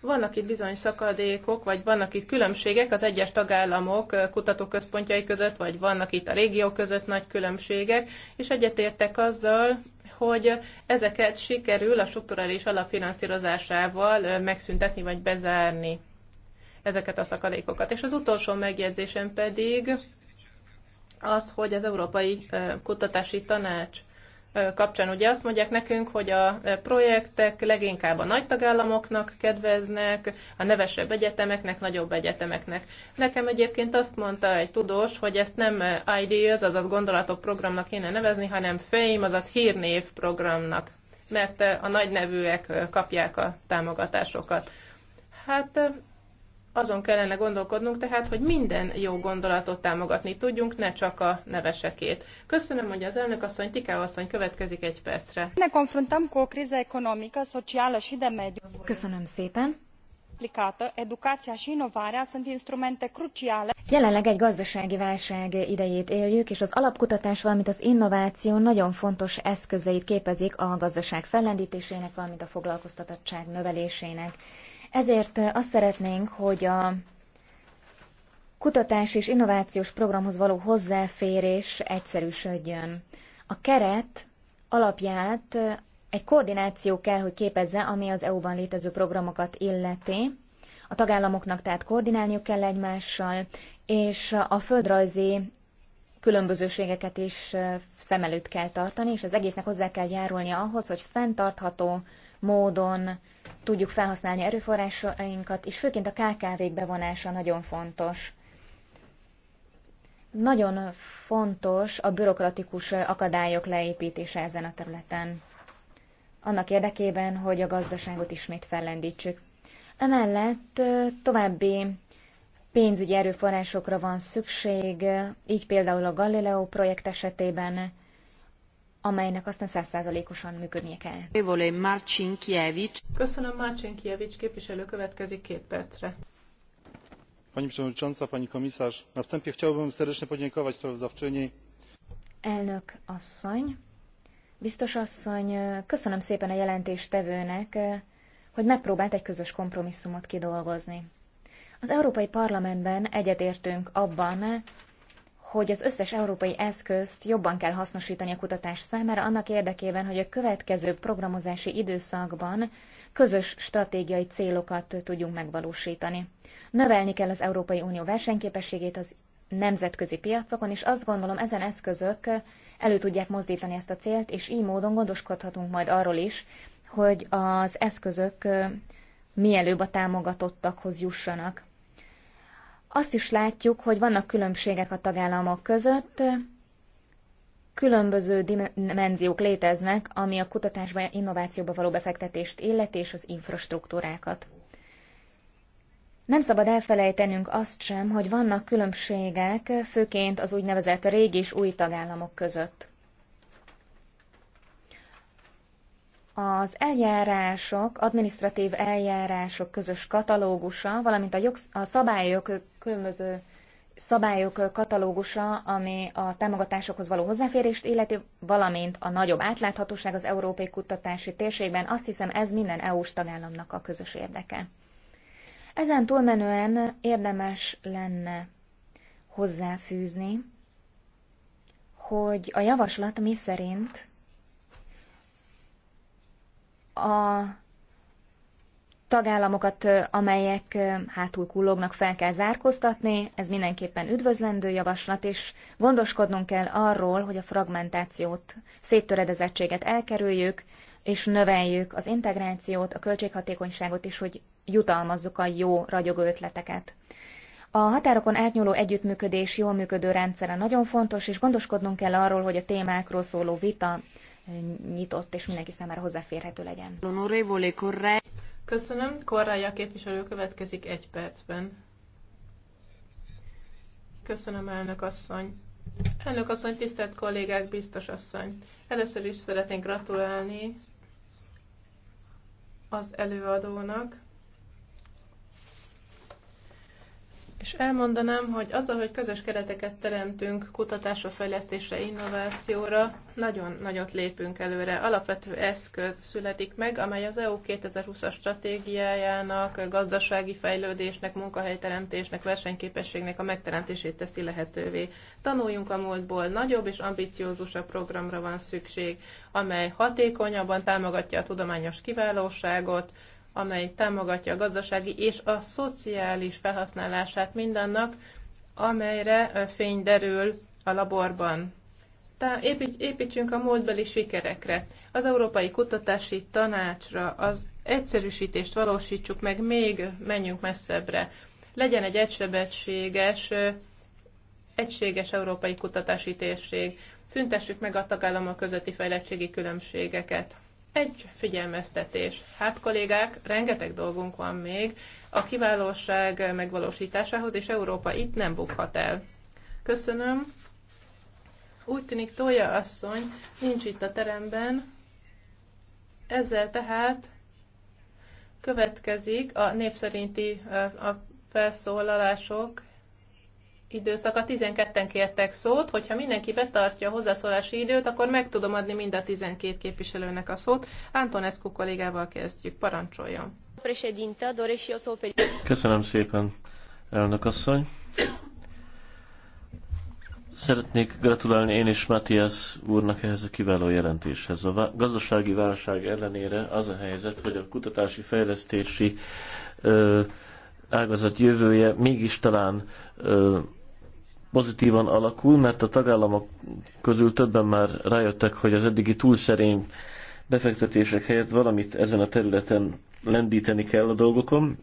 Vannak itt bizony szakadékok, vagy vannak itt különbségek az egyes tagállamok kutatóközpontjai között, vagy vannak itt a régió között nagy különbségek, és egyetértek azzal, hogy ezeket sikerül a strukturális alapfinanszírozásával megszüntetni vagy bezárni ezeket a szakadékokat. És az utolsó megjegyzésem pedig az, hogy az Európai Kutatási Tanács kapcsán ugye azt mondják nekünk, hogy a projektek leginkább a nagy tagállamoknak kedveznek, a nevesebb egyetemeknek, nagyobb egyetemeknek. Nekem egyébként azt mondta egy tudós, hogy ezt nem Ideas, azaz gondolatok programnak kéne nevezni, hanem Fame, azaz hírnév programnak, mert a nagy nevűek kapják a támogatásokat. Hát azon kellene gondolkodnunk tehát, hogy minden jó gondolatot támogatni tudjunk, ne csak a nevesekét. Köszönöm, hogy az elnök asszony, Tiká asszony következik egy percre. Ne konfrontam kó o ekonomika, szociális ide megy. Köszönöm szépen. Jelenleg egy gazdasági válság idejét éljük, és az alapkutatás, valamint az innováció nagyon fontos eszközeit képezik a gazdaság fellendítésének, valamint a foglalkoztatottság növelésének. Ezért azt szeretnénk, hogy a kutatás és innovációs programhoz való hozzáférés egyszerűsödjön. A keret alapját egy koordináció kell, hogy képezze, ami az EU-ban létező programokat illeti. A tagállamoknak tehát koordinálniuk kell egymással, és a földrajzi különbözőségeket is szem előtt kell tartani, és az egésznek hozzá kell járulnia ahhoz, hogy fenntartható, módon tudjuk felhasználni erőforrásainkat, és főként a KKV-k bevonása nagyon fontos. Nagyon fontos a bürokratikus akadályok leépítése ezen a területen. Annak érdekében, hogy a gazdaságot ismét fellendítsük. Emellett további pénzügyi erőforrásokra van szükség, így például a Galileo projekt esetében amelynek aztán százszázalékosan működnie kell. Marcin Kiewicz. Köszönöm, Marcin Kiewicz képviselő következik két percre. Pani Przewodnicząca, Pani Komisarz, na wstępie chciałbym serdecznie podziękować sprawozdawczyni. Elnök asszony, biztos asszony, köszönöm szépen a jelentéstevőnek, hogy megpróbált egy közös kompromisszumot kidolgozni. Az Európai Parlamentben egyetértünk abban, hogy az összes európai eszközt jobban kell hasznosítani a kutatás számára, annak érdekében, hogy a következő programozási időszakban közös stratégiai célokat tudjunk megvalósítani. Növelni kell az Európai Unió versenyképességét az nemzetközi piacokon, és azt gondolom ezen eszközök elő tudják mozdítani ezt a célt, és így módon gondoskodhatunk majd arról is, hogy az eszközök mielőbb a támogatottakhoz jussanak. Azt is látjuk, hogy vannak különbségek a tagállamok között, különböző dimenziók léteznek, ami a kutatásba, innovációba való befektetést illeti és az infrastruktúrákat. Nem szabad elfelejtenünk azt sem, hogy vannak különbségek, főként az úgynevezett régi és új tagállamok között. az eljárások, administratív eljárások közös katalógusa, valamint a, jogsz- a szabályok különböző szabályok katalógusa, ami a támogatásokhoz való hozzáférést illeti, valamint a nagyobb átláthatóság az európai kutatási térségben, azt hiszem ez minden EU-s tagállamnak a közös érdeke. Ezen túlmenően érdemes lenne hozzáfűzni, hogy a javaslat mi szerint a tagállamokat, amelyek hátul kullognak, fel kell zárkóztatni, ez mindenképpen üdvözlendő javaslat, és gondoskodnunk kell arról, hogy a fragmentációt, széttöredezettséget elkerüljük, és növeljük az integrációt, a költséghatékonyságot is, hogy jutalmazzuk a jó ragyogó ötleteket. A határokon átnyúló együttműködés jól működő rendszere nagyon fontos, és gondoskodnunk kell arról, hogy a témákról szóló vita nyitott és mindenki számára hozzáférhető legyen. Köszönöm. Korrája képviselő következik egy percben. Köszönöm, elnök asszony. Elnök asszony, tisztelt kollégák, biztos asszony. Először is szeretnénk gratulálni az előadónak, És elmondanám, hogy azzal, hogy közös kereteket teremtünk kutatásra, fejlesztésre, innovációra, nagyon nagyot lépünk előre. Alapvető eszköz születik meg, amely az EU 2020-as stratégiájának, gazdasági fejlődésnek, munkahelyteremtésnek, versenyképességnek a megteremtését teszi lehetővé. Tanuljunk a múltból, nagyobb és ambiciózusabb programra van szükség, amely hatékonyabban támogatja a tudományos kiválóságot, amely támogatja a gazdasági és a szociális felhasználását mindannak, amelyre fény derül a laborban. Tehát építsünk a múltbeli sikerekre, az Európai Kutatási Tanácsra, az egyszerűsítést valósítsuk meg, még menjünk messzebbre. Legyen egy egysebességes, egységes európai kutatási térség. Szüntessük meg a tagállamok közötti fejlettségi különbségeket egy figyelmeztetés. Hát kollégák, rengeteg dolgunk van még a kiválóság megvalósításához, és Európa itt nem bukhat el. Köszönöm. Úgy tűnik Tója asszony nincs itt a teremben, ezzel tehát következik a népszerinti a felszólalások időszaka. 12-en kértek szót, hogyha mindenki betartja a hozzászólási időt, akkor meg tudom adni mind a 12 képviselőnek a szót. Antonescu kollégával kezdjük. Parancsoljon. Köszönöm szépen, elnök asszony. Szeretnék gratulálni én is Matthias úrnak ehhez a kiváló jelentéshez. A gazdasági válság ellenére az a helyzet, hogy a kutatási fejlesztési ö, ágazat jövője mégis talán ö, pozitívan alakul, mert a tagállamok közül többen már rájöttek, hogy az eddigi túl szerény befektetések helyett valamit ezen a területen lendíteni kell a dolgokon.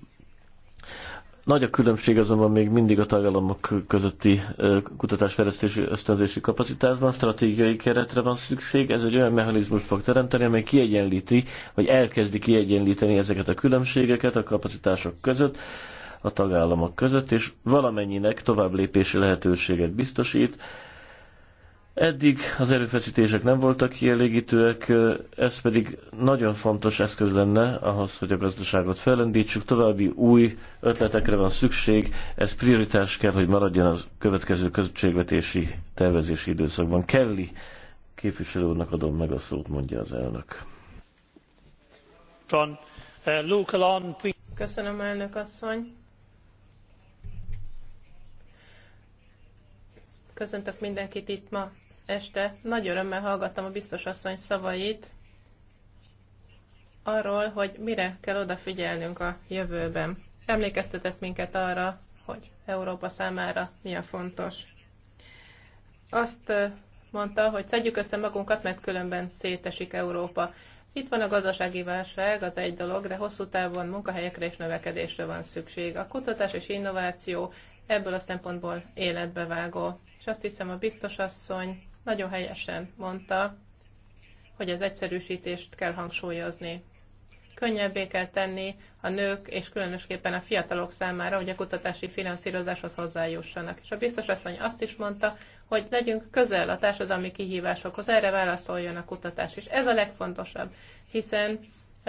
Nagy a különbség azonban még mindig a tagállamok közötti kutatásfejlesztési ösztönzési kapacitásban, stratégiai keretre van szükség, ez egy olyan mechanizmus fog teremteni, amely kiegyenlíti, vagy elkezdi kiegyenlíteni ezeket a különbségeket a kapacitások között, a tagállamok között, és valamennyinek tovább lépési lehetőséget biztosít. Eddig az erőfeszítések nem voltak kielégítőek, ez pedig nagyon fontos eszköz lenne ahhoz, hogy a gazdaságot fellendítsük. További új ötletekre van szükség, ez prioritás kell, hogy maradjon a következő költségvetési tervezési időszakban. Kelly képviselő úrnak adom meg a szót, mondja az elnök. Uh, Köszönöm, elnök asszony Köszöntök mindenkit itt ma este. Nagy örömmel hallgattam a biztos asszony szavait arról, hogy mire kell odafigyelnünk a jövőben. Emlékeztetett minket arra, hogy Európa számára milyen fontos. Azt mondta, hogy szedjük össze magunkat, mert különben szétesik Európa. Itt van a gazdasági válság, az egy dolog, de hosszú távon munkahelyekre és növekedésre van szükség. A kutatás és innováció ebből a szempontból életbevágó. És azt hiszem, a biztos asszony nagyon helyesen mondta, hogy az egyszerűsítést kell hangsúlyozni. Könnyebbé kell tenni a nők és különösképpen a fiatalok számára, hogy a kutatási finanszírozáshoz hozzájussanak. És a biztos asszony azt is mondta, hogy legyünk közel a társadalmi kihívásokhoz, erre válaszoljon a kutatás. És ez a legfontosabb, hiszen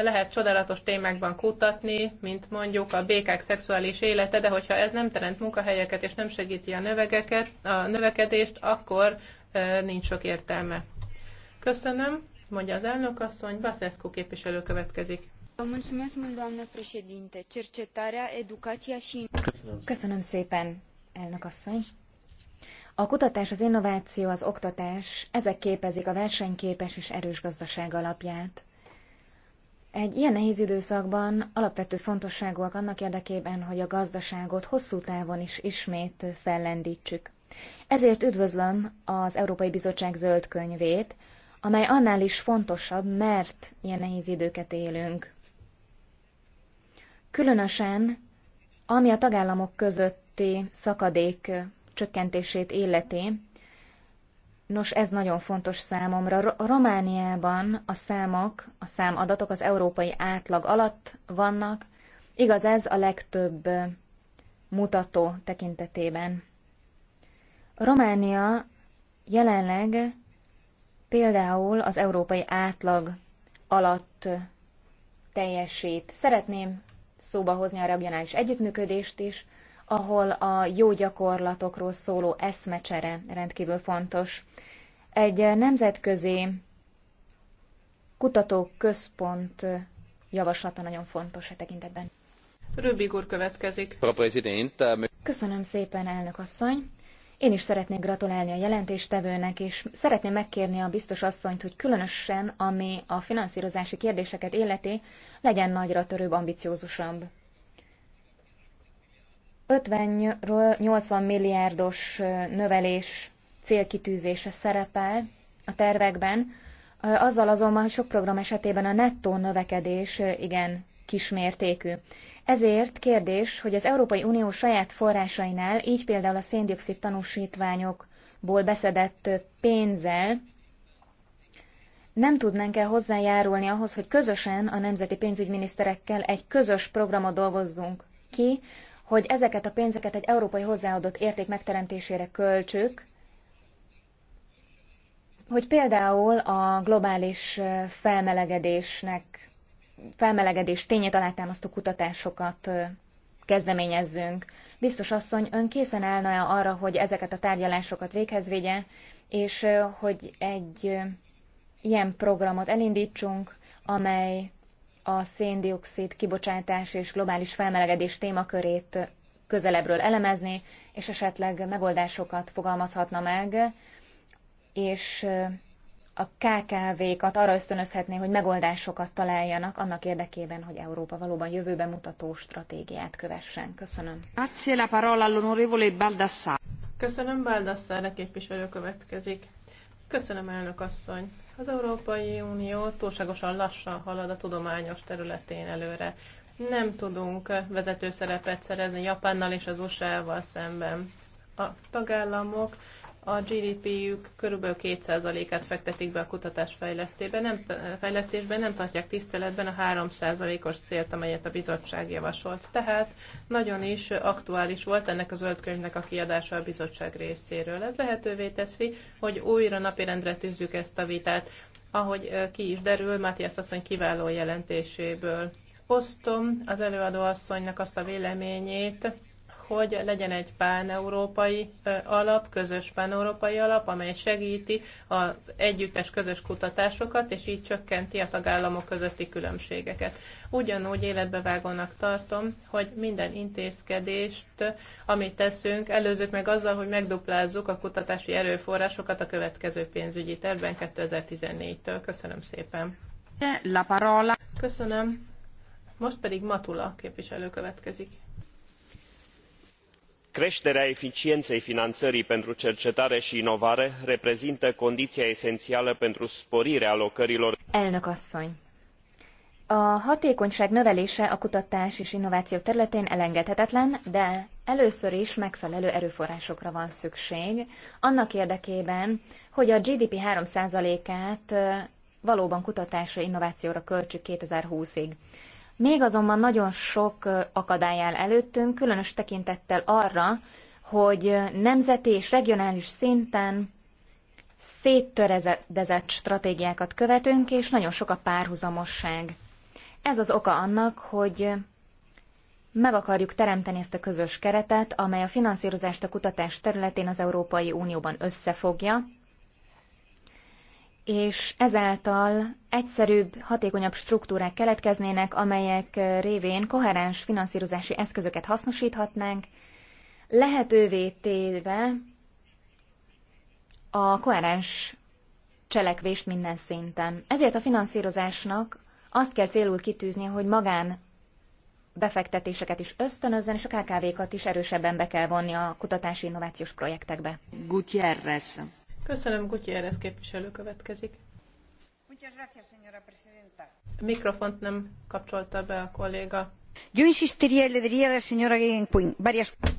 lehet csodálatos témákban kutatni, mint mondjuk a békák szexuális élete, de hogyha ez nem teremt munkahelyeket és nem segíti a, növegeket, a növekedést, akkor nincs sok értelme. Köszönöm, mondja az elnök asszony, Baszeszkó képviselő következik. Köszönöm szépen, elnök asszony. A kutatás, az innováció, az oktatás, ezek képezik a versenyképes és erős gazdaság alapját. Egy ilyen nehéz időszakban alapvető fontosságúak annak érdekében, hogy a gazdaságot hosszú távon is ismét fellendítsük. Ezért üdvözlöm az Európai Bizottság zöld könyvét, amely annál is fontosabb, mert ilyen nehéz időket élünk. Különösen, ami a tagállamok közötti szakadék csökkentését életé. Nos, ez nagyon fontos számomra. Romániában a számok, a számadatok az európai átlag alatt vannak. Igaz ez a legtöbb mutató tekintetében. Románia jelenleg például az európai átlag alatt teljesít. Szeretném szóba hozni a regionális együttműködést is, ahol a jó gyakorlatokról szóló eszmecsere rendkívül fontos. Egy nemzetközi kutatóközpont javaslata nagyon fontos e tekintetben. Rübig úr következik. Ähm, Köszönöm szépen, elnök asszony. Én is szeretnék gratulálni a jelentéstevőnek, és szeretném megkérni a biztos asszonyt, hogy különösen, ami a finanszírozási kérdéseket illeti, legyen nagyra törőbb, ambiciózusabb. 50 80 milliárdos növelés célkitűzése szerepel a tervekben, azzal azonban sok program esetében a nettó növekedés igen kismértékű. Ezért kérdés, hogy az Európai Unió saját forrásainál, így például a széndiokszid tanúsítványokból beszedett pénzzel, nem tudnánk-e hozzájárulni ahhoz, hogy közösen a nemzeti pénzügyminiszterekkel egy közös programot dolgozzunk ki, hogy ezeket a pénzeket egy európai hozzáadott érték megteremtésére költsük, hogy például a globális felmelegedésnek, felmelegedés tényét alátámasztó kutatásokat kezdeményezzünk. Biztos asszony, ön készen állna -e arra, hogy ezeket a tárgyalásokat véghez vigye, és hogy egy ilyen programot elindítsunk, amely a széndiokszid kibocsátás és globális felmelegedés témakörét közelebbről elemezni, és esetleg megoldásokat fogalmazhatna meg, és a KKV-kat arra ösztönözhetné, hogy megoldásokat találjanak annak érdekében, hogy Európa valóban jövőben mutató stratégiát kövessen. Köszönöm. parola Köszönöm, Baldassare képviselő következik. Köszönöm, elnök asszony. Az Európai Unió túlságosan lassan halad a tudományos területén előre. Nem tudunk vezető szerepet szerezni Japánnal és az USA-val szemben. A tagállamok a GDP-jük körülbelül 2%-át fektetik be a kutatás fejlesztésben, nem, fejlesztésben nem tartják tiszteletben a 3%-os célt, amelyet a bizottság javasolt. Tehát nagyon is aktuális volt ennek a zöldkönyvnek a kiadása a bizottság részéről. Ez lehetővé teszi, hogy újra napirendre tűzzük ezt a vitát, ahogy ki is derül Mátyász asszony kiváló jelentéséből. Osztom az előadó asszonynak azt a véleményét, hogy legyen egy pán-európai alap, közös pán-európai alap, amely segíti az együttes közös kutatásokat, és így csökkenti a tagállamok közötti különbségeket. Ugyanúgy életbevágónak tartom, hogy minden intézkedést, amit teszünk, előzzük meg azzal, hogy megduplázzuk a kutatási erőforrásokat a következő pénzügyi tervben 2014-től. Köszönöm szépen. La parola. Köszönöm. Most pedig Matula képviselő következik creterea eficienei finanării pentru cercetare i inovare reprezintă condiia esenială pentru sporirea alocărilor. a hatékonyság növelése a kutatás és innováció területén elengedhetetlen de először is megfelelő erőforrásokra van szükség annak érdekében hogy a gdp three át valóban kutatásra innovációra költsük two thousand and twenty ig. Még azonban nagyon sok akadály áll előttünk, különös tekintettel arra, hogy nemzeti és regionális szinten széttörezett stratégiákat követünk, és nagyon sok a párhuzamosság. Ez az oka annak, hogy meg akarjuk teremteni ezt a közös keretet, amely a finanszírozást a kutatás területén az Európai Unióban összefogja, és ezáltal egyszerűbb, hatékonyabb struktúrák keletkeznének, amelyek révén koherens finanszírozási eszközöket hasznosíthatnánk, lehetővé téve a koherens cselekvést minden szinten. Ezért a finanszírozásnak azt kell célul kitűzni, hogy magán befektetéseket is ösztönözzen, és a KKV-kat is erősebben be kell vonni a kutatási innovációs projektekbe. Gutierrez. Köszönöm, Gutierrez képviselő következik. Mikrofont nem kapcsolta be a kolléga.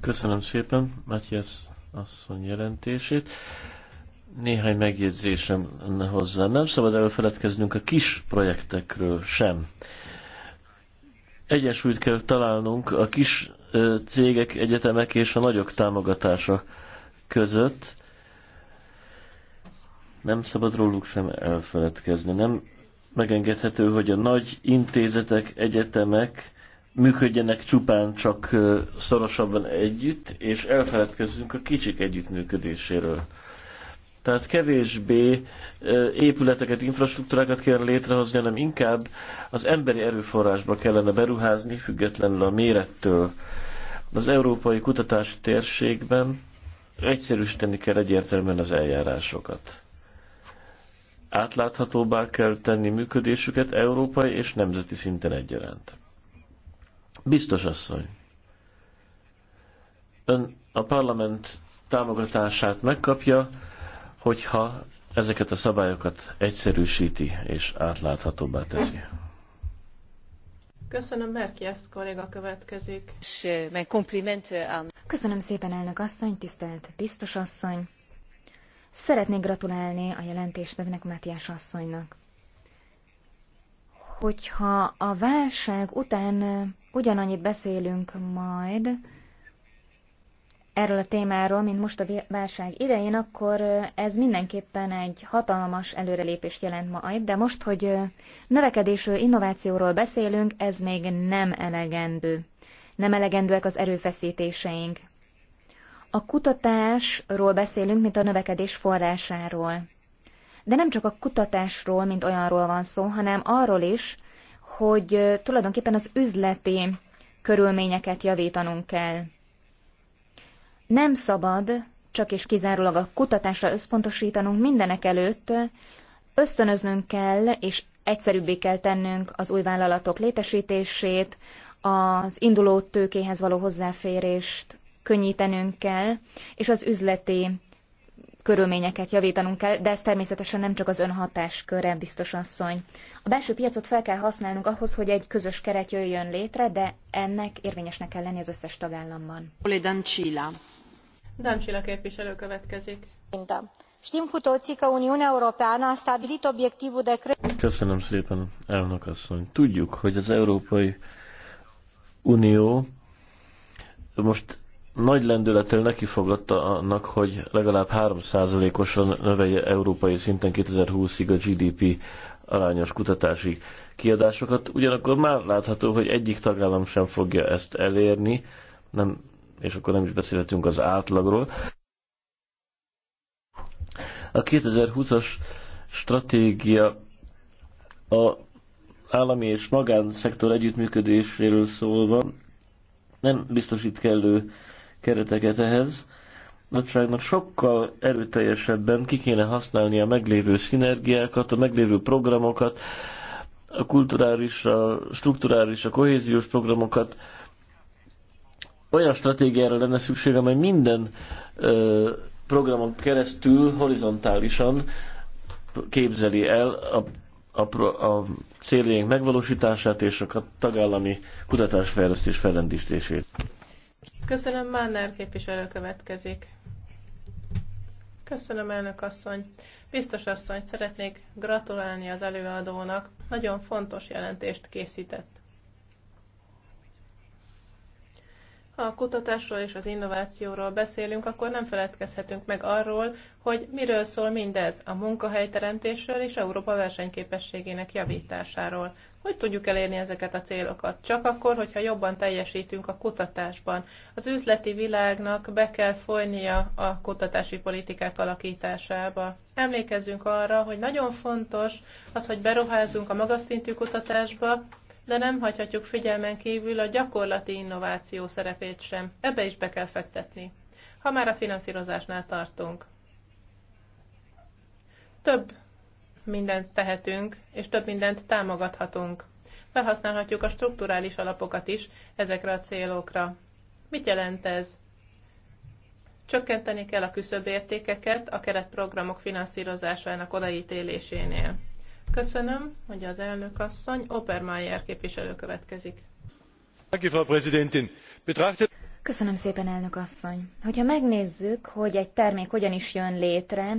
Köszönöm szépen Matthias asszony jelentését. Néhány megjegyzésem lenne hozzá. Nem szabad elfeledkeznünk a kis projektekről sem. Egyesült kell találnunk a kis cégek, egyetemek és a nagyok támogatása között nem szabad róluk sem elfeledkezni. Nem megengedhető, hogy a nagy intézetek, egyetemek működjenek csupán csak szorosabban együtt, és elfeledkezzünk a kicsik együttműködéséről. Tehát kevésbé épületeket, infrastruktúrákat kell létrehozni, hanem inkább az emberi erőforrásba kellene beruházni, függetlenül a mérettől. Az európai kutatási térségben egyszerűsíteni kell egyértelműen az eljárásokat átláthatóbbá kell tenni működésüket európai és nemzeti szinten egyaránt. Biztos asszony, ön a parlament támogatását megkapja, hogyha ezeket a szabályokat egyszerűsíti és átláthatóbbá teszi. Köszönöm, Merkiesz kolléga következik. Eh, eh, Köszönöm szépen, elnök asszony, tisztelt biztos asszony. Szeretnék gratulálni a jelentéstevőnek, Mátyás asszonynak. Hogyha a válság után ugyanannyit beszélünk majd erről a témáról, mint most a válság idején, akkor ez mindenképpen egy hatalmas előrelépést jelent majd, de most, hogy növekedésről, innovációról beszélünk, ez még nem elegendő. Nem elegendőek az erőfeszítéseink. A kutatásról beszélünk, mint a növekedés forrásáról. De nem csak a kutatásról, mint olyanról van szó, hanem arról is, hogy tulajdonképpen az üzleti körülményeket javítanunk kell. Nem szabad csak és kizárólag a kutatásra összpontosítanunk mindenek előtt, ösztönöznünk kell és egyszerűbbé kell tennünk az új vállalatok létesítését, az induló tőkéhez való hozzáférést, könnyítenünk kell, és az üzleti körülményeket javítanunk kell, de ez természetesen nem csak az ön hatásköre, biztos asszony. A belső piacot fel kell használnunk ahhoz, hogy egy közös keret jöjjön létre, de ennek érvényesnek kell lenni az összes tagállamban. Dancsila. Dancsila képviselő következik. Știm cu toții că Uniunea Europeană a stabilit obiectivul de creștere. Köszönöm szépen, elnök asszony. Tudjuk, hogy az Európai Unió most nagy lendülettel nekifogott annak, hogy legalább 3%-osan növelje európai szinten 2020-ig a GDP arányos kutatási kiadásokat. Ugyanakkor már látható, hogy egyik tagállam sem fogja ezt elérni, nem, és akkor nem is beszélhetünk az átlagról. A 2020-as stratégia a állami és magánszektor együttműködéséről szólva nem biztosít kellő kereteket ehhez. Nagyságnak sokkal erőteljesebben ki kéne használni a meglévő szinergiákat, a meglévő programokat, a kulturális, a strukturális, a kohéziós programokat. Olyan stratégiára lenne szükség, amely minden ö, programon keresztül horizontálisan képzeli el a, a, a céljaink megvalósítását és a tagállami kutatásfejlesztés felrendítését. Köszönöm, Mánner képviselő következik. Köszönöm, elnök asszony. Biztos asszony, szeretnék gratulálni az előadónak. Nagyon fontos jelentést készített. a kutatásról és az innovációról beszélünk, akkor nem feledkezhetünk meg arról, hogy miről szól mindez a munkahelyteremtésről és Európa versenyképességének javításáról. Hogy tudjuk elérni ezeket a célokat? Csak akkor, hogyha jobban teljesítünk a kutatásban. Az üzleti világnak be kell folynia a kutatási politikák alakításába. Emlékezzünk arra, hogy nagyon fontos az, hogy beruházunk a magas szintű kutatásba, de nem hagyhatjuk figyelmen kívül a gyakorlati innováció szerepét sem. Ebbe is be kell fektetni, ha már a finanszírozásnál tartunk. Több mindent tehetünk, és több mindent támogathatunk. Felhasználhatjuk a strukturális alapokat is ezekre a célokra. Mit jelent ez? Csökkenteni kell a küszöbértékeket a keretprogramok finanszírozásának odaítélésénél. Köszönöm, hogy az elnök asszony. Obermeier képviselő következik. Köszönöm szépen, elnök asszony. Hogyha megnézzük, hogy egy termék hogyan is jön létre,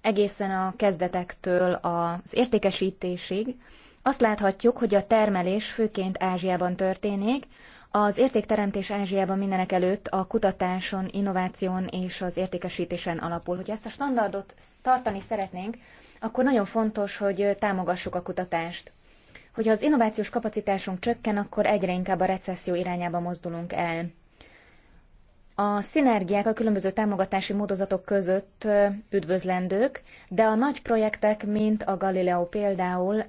egészen a kezdetektől az értékesítésig, azt láthatjuk, hogy a termelés főként Ázsiában történik, az értékteremtés Ázsiában mindenek előtt a kutatáson, innováción és az értékesítésen alapul. Hogy ezt a standardot tartani szeretnénk, akkor nagyon fontos, hogy támogassuk a kutatást. Hogyha az innovációs kapacitásunk csökken, akkor egyre inkább a recesszió irányába mozdulunk el. A szinergiák a különböző támogatási módozatok között üdvözlendők, de a nagy projektek, mint a Galileo például,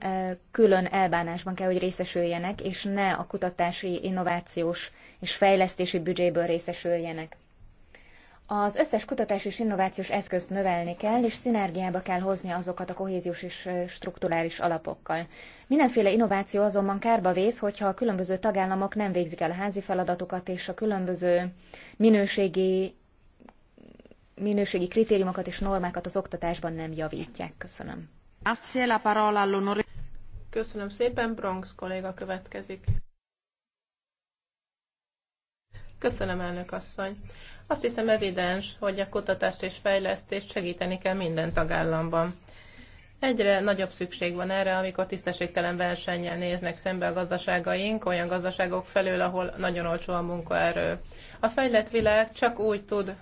külön elbánásban kell, hogy részesüljenek, és ne a kutatási, innovációs és fejlesztési büdzséből részesüljenek. Az összes kutatás és innovációs eszközt növelni kell, és szinergiába kell hozni azokat a kohéziós és strukturális alapokkal. Mindenféle innováció azonban kárba vész, hogyha a különböző tagállamok nem végzik el a házi feladatokat, és a különböző minőségi, minőségi kritériumokat és normákat az oktatásban nem javítják. Köszönöm. Köszönöm szépen, Bronx kolléga következik. Köszönöm, elnök asszony. Azt hiszem evidens, hogy a kutatást és fejlesztést segíteni kell minden tagállamban. Egyre nagyobb szükség van erre, amikor tisztességtelen versennyel néznek szembe a gazdaságaink, olyan gazdaságok felől, ahol nagyon olcsó a munkaerő. A fejlett világ csak úgy tud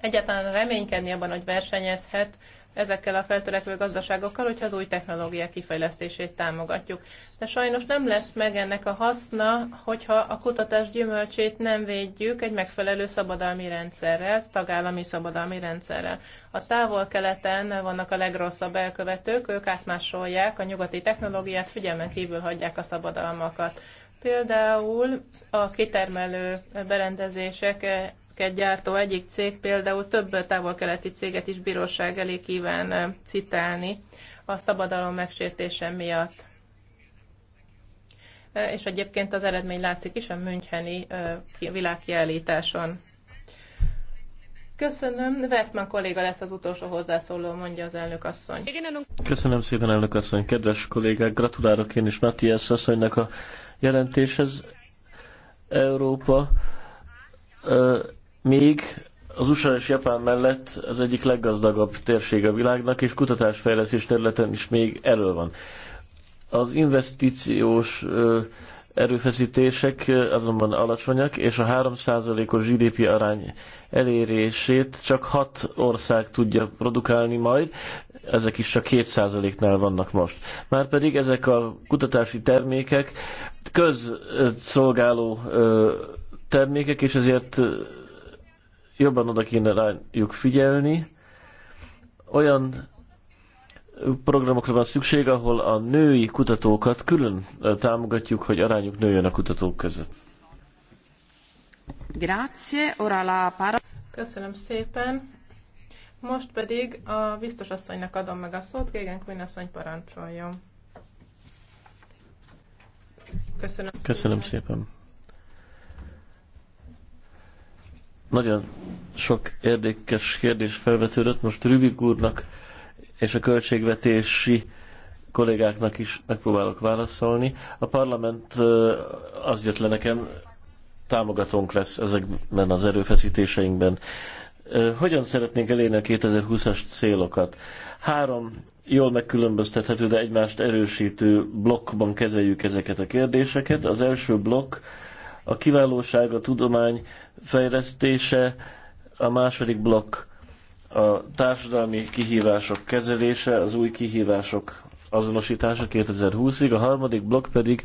egyáltalán reménykedni abban, hogy versenyezhet, ezekkel a feltörekvő gazdaságokkal, hogyha az új technológiák kifejlesztését támogatjuk. De sajnos nem lesz meg ennek a haszna, hogyha a kutatás gyümölcsét nem védjük egy megfelelő szabadalmi rendszerrel, tagállami szabadalmi rendszerrel. A távol-keleten vannak a legrosszabb elkövetők, ők átmásolják a nyugati technológiát, figyelmen kívül hagyják a szabadalmakat. Például a kitermelő berendezések gyártó egyik cég például több távol-keleti céget is bíróság elé kíván citálni a szabadalom megsértése miatt. És egyébként az eredmény látszik is a Müncheni világkiállításon. Köszönöm. Vertman kolléga lesz az utolsó hozzászóló, mondja az elnök asszony. Köszönöm szépen, elnök asszony. Kedves kollégák, gratulálok én is Matthias asszonynak a jelentéshez. Európa még az USA és Japán mellett az egyik leggazdagabb térség a világnak, és kutatásfejlesztés területen is még elő van. Az investíciós erőfeszítések azonban alacsonyak, és a 3%-os GDP arány elérését csak 6 ország tudja produkálni majd, ezek is csak 2%-nál vannak most. Márpedig ezek a kutatási termékek közszolgáló termékek, és ezért jobban oda kéne rájuk figyelni. Olyan programokra van szükség, ahol a női kutatókat külön támogatjuk, hogy arányuk nőjön a kutatók között. Grazie, ora la Köszönöm szépen. Most pedig a biztos asszonynak adom meg a szót, Gégen Quinn asszony parancsoljon. Köszönöm, Köszönöm szépen. szépen. Nagyon sok érdekes kérdés felvetődött. Most Rübik úrnak és a költségvetési kollégáknak is megpróbálok válaszolni. A parlament az jött le nekem, támogatónk lesz ezekben az erőfeszítéseinkben. Hogyan szeretnénk elérni a 2020-as célokat? Három jól megkülönböztethető, de egymást erősítő blokkban kezeljük ezeket a kérdéseket. Az első blokk a kiválóság, a tudomány fejlesztése, a második blokk a társadalmi kihívások kezelése, az új kihívások azonosítása 2020-ig, a harmadik blokk pedig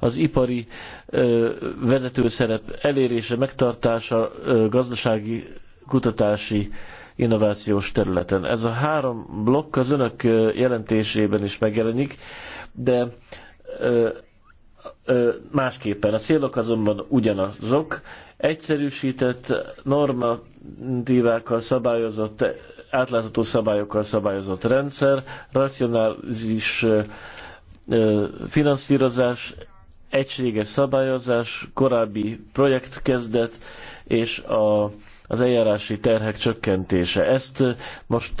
az ipari ö, vezetőszerep elérése, megtartása ö, gazdasági, kutatási, innovációs területen. Ez a három blokk az önök jelentésében is megjelenik, de ö, másképpen. A célok azonban ugyanazok. Egyszerűsített normatívákkal szabályozott, átlátható szabályokkal szabályozott rendszer, racionális finanszírozás, egységes szabályozás, korábbi projektkezdet és a, az eljárási terhek csökkentése. Ezt most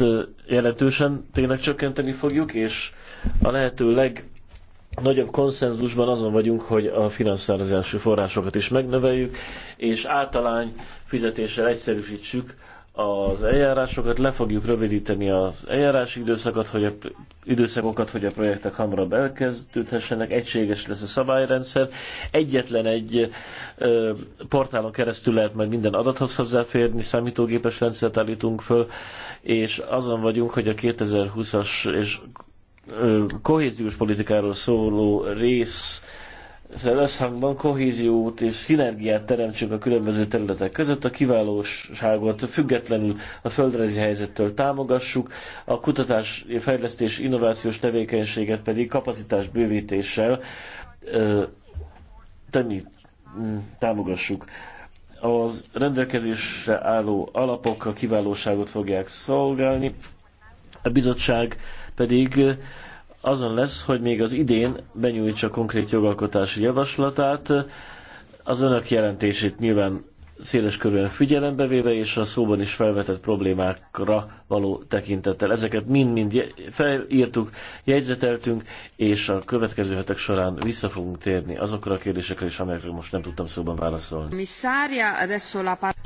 jelentősen tényleg csökkenteni fogjuk, és a lehető leg nagyobb konszenzusban azon vagyunk, hogy a finanszírozási forrásokat is megnöveljük, és általány fizetéssel egyszerűsítsük az eljárásokat, le fogjuk rövidíteni az eljárási időszakot, hogy a, időszakokat, hogy a projektek hamarabb elkezdődhessenek, egységes lesz a szabályrendszer, egyetlen egy ö, portálon keresztül lehet meg minden adathoz hozzáférni, számítógépes rendszert állítunk föl, és azon vagyunk, hogy a 2020-as és kohéziós politikáról szóló rész ezzel összhangban kohéziót és szinergiát teremtsünk a különböző területek között, a kiválóságot függetlenül a földrajzi helyzettől támogassuk, a kutatás, fejlesztés, innovációs tevékenységet pedig kapacitás bővítéssel tenni, mm, támogassuk. Az rendelkezésre álló alapok a kiválóságot fogják szolgálni, a bizottság pedig azon lesz, hogy még az idén benyújtsa konkrét jogalkotási javaslatát, az önök jelentését nyilván széles körülön figyelembe véve, és a szóban is felvetett problémákra való tekintettel. Ezeket mind-mind felírtuk, jegyzeteltünk, és a következő hetek során vissza fogunk térni azokra a kérdésekre is, amelyekre most nem tudtam szóban válaszolni.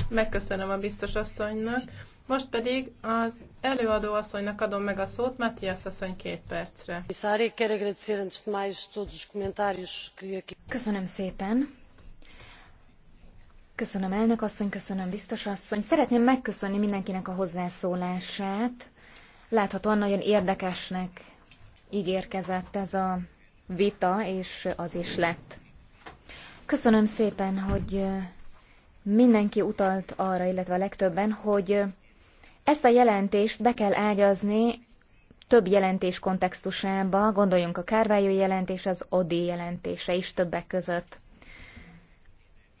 Megköszönöm a biztos asszonynak. Most pedig az előadó asszonynak adom meg a szót, Matthias asszony két percre. Köszönöm szépen. Köszönöm elnök asszony, köszönöm biztos asszony. Szeretném megköszönni mindenkinek a hozzászólását. Láthatóan nagyon érdekesnek ígérkezett ez a vita, és az is lett. Köszönöm szépen, hogy mindenki utalt arra, illetve a legtöbben, hogy ezt a jelentést be kell ágyazni több jelentés kontextusába, gondoljunk a Kárvályó jelentés, az ODI jelentése is többek között.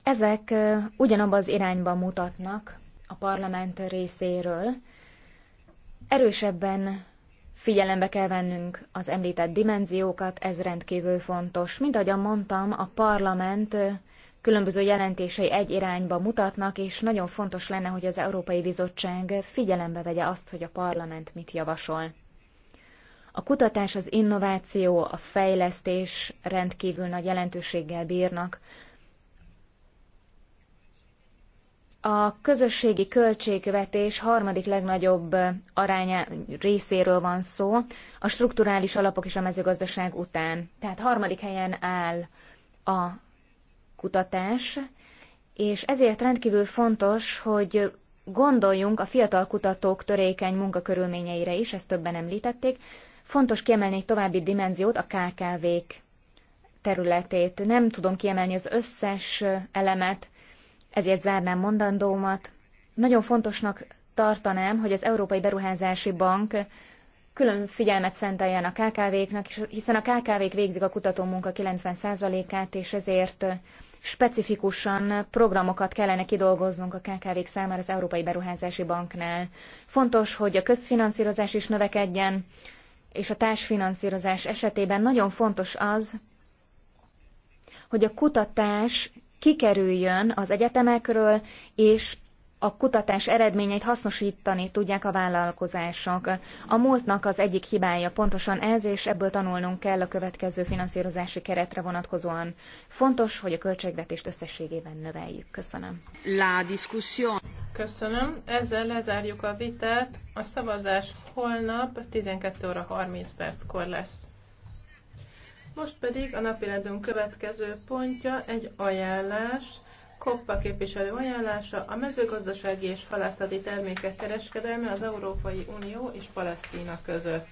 Ezek ugyanabban az irányba mutatnak a parlament részéről. Erősebben figyelembe kell vennünk az említett dimenziókat, ez rendkívül fontos. Mint ahogyan mondtam, a parlament különböző jelentései egy irányba mutatnak, és nagyon fontos lenne, hogy az Európai Bizottság figyelembe vegye azt, hogy a parlament mit javasol. A kutatás, az innováció, a fejlesztés rendkívül nagy jelentőséggel bírnak. A közösségi költségvetés harmadik legnagyobb aránya részéről van szó, a strukturális alapok és a mezőgazdaság után. Tehát harmadik helyen áll a kutatás, és ezért rendkívül fontos, hogy gondoljunk a fiatal kutatók törékeny munkakörülményeire is, ezt többen említették. Fontos kiemelni egy további dimenziót, a KKV-k területét. Nem tudom kiemelni az összes elemet, ezért zárnám mondandómat. Nagyon fontosnak tartanám, hogy az Európai Beruházási Bank külön figyelmet szenteljen a KKV-knak, hiszen a KKV-k végzik a kutató munka 90%-át, és ezért specifikusan programokat kellene kidolgoznunk a KKV-k számára az Európai Beruházási Banknál. Fontos, hogy a közfinanszírozás is növekedjen, és a társfinanszírozás esetében nagyon fontos az, hogy a kutatás kikerüljön az egyetemekről, és a kutatás eredményeit hasznosítani tudják a vállalkozások. A múltnak az egyik hibája pontosan ez, és ebből tanulnunk kell a következő finanszírozási keretre vonatkozóan. Fontos, hogy a költségvetést összességében növeljük. Köszönöm. La discussion. Köszönöm. Ezzel lezárjuk a vitát. A szavazás holnap 12 óra 30 perckor lesz. Most pedig a napirendünk következő pontja egy ajánlás, Koppa képviselő ajánlása a mezőgazdasági és halászati termékek kereskedelme az Európai Unió és Palesztina között.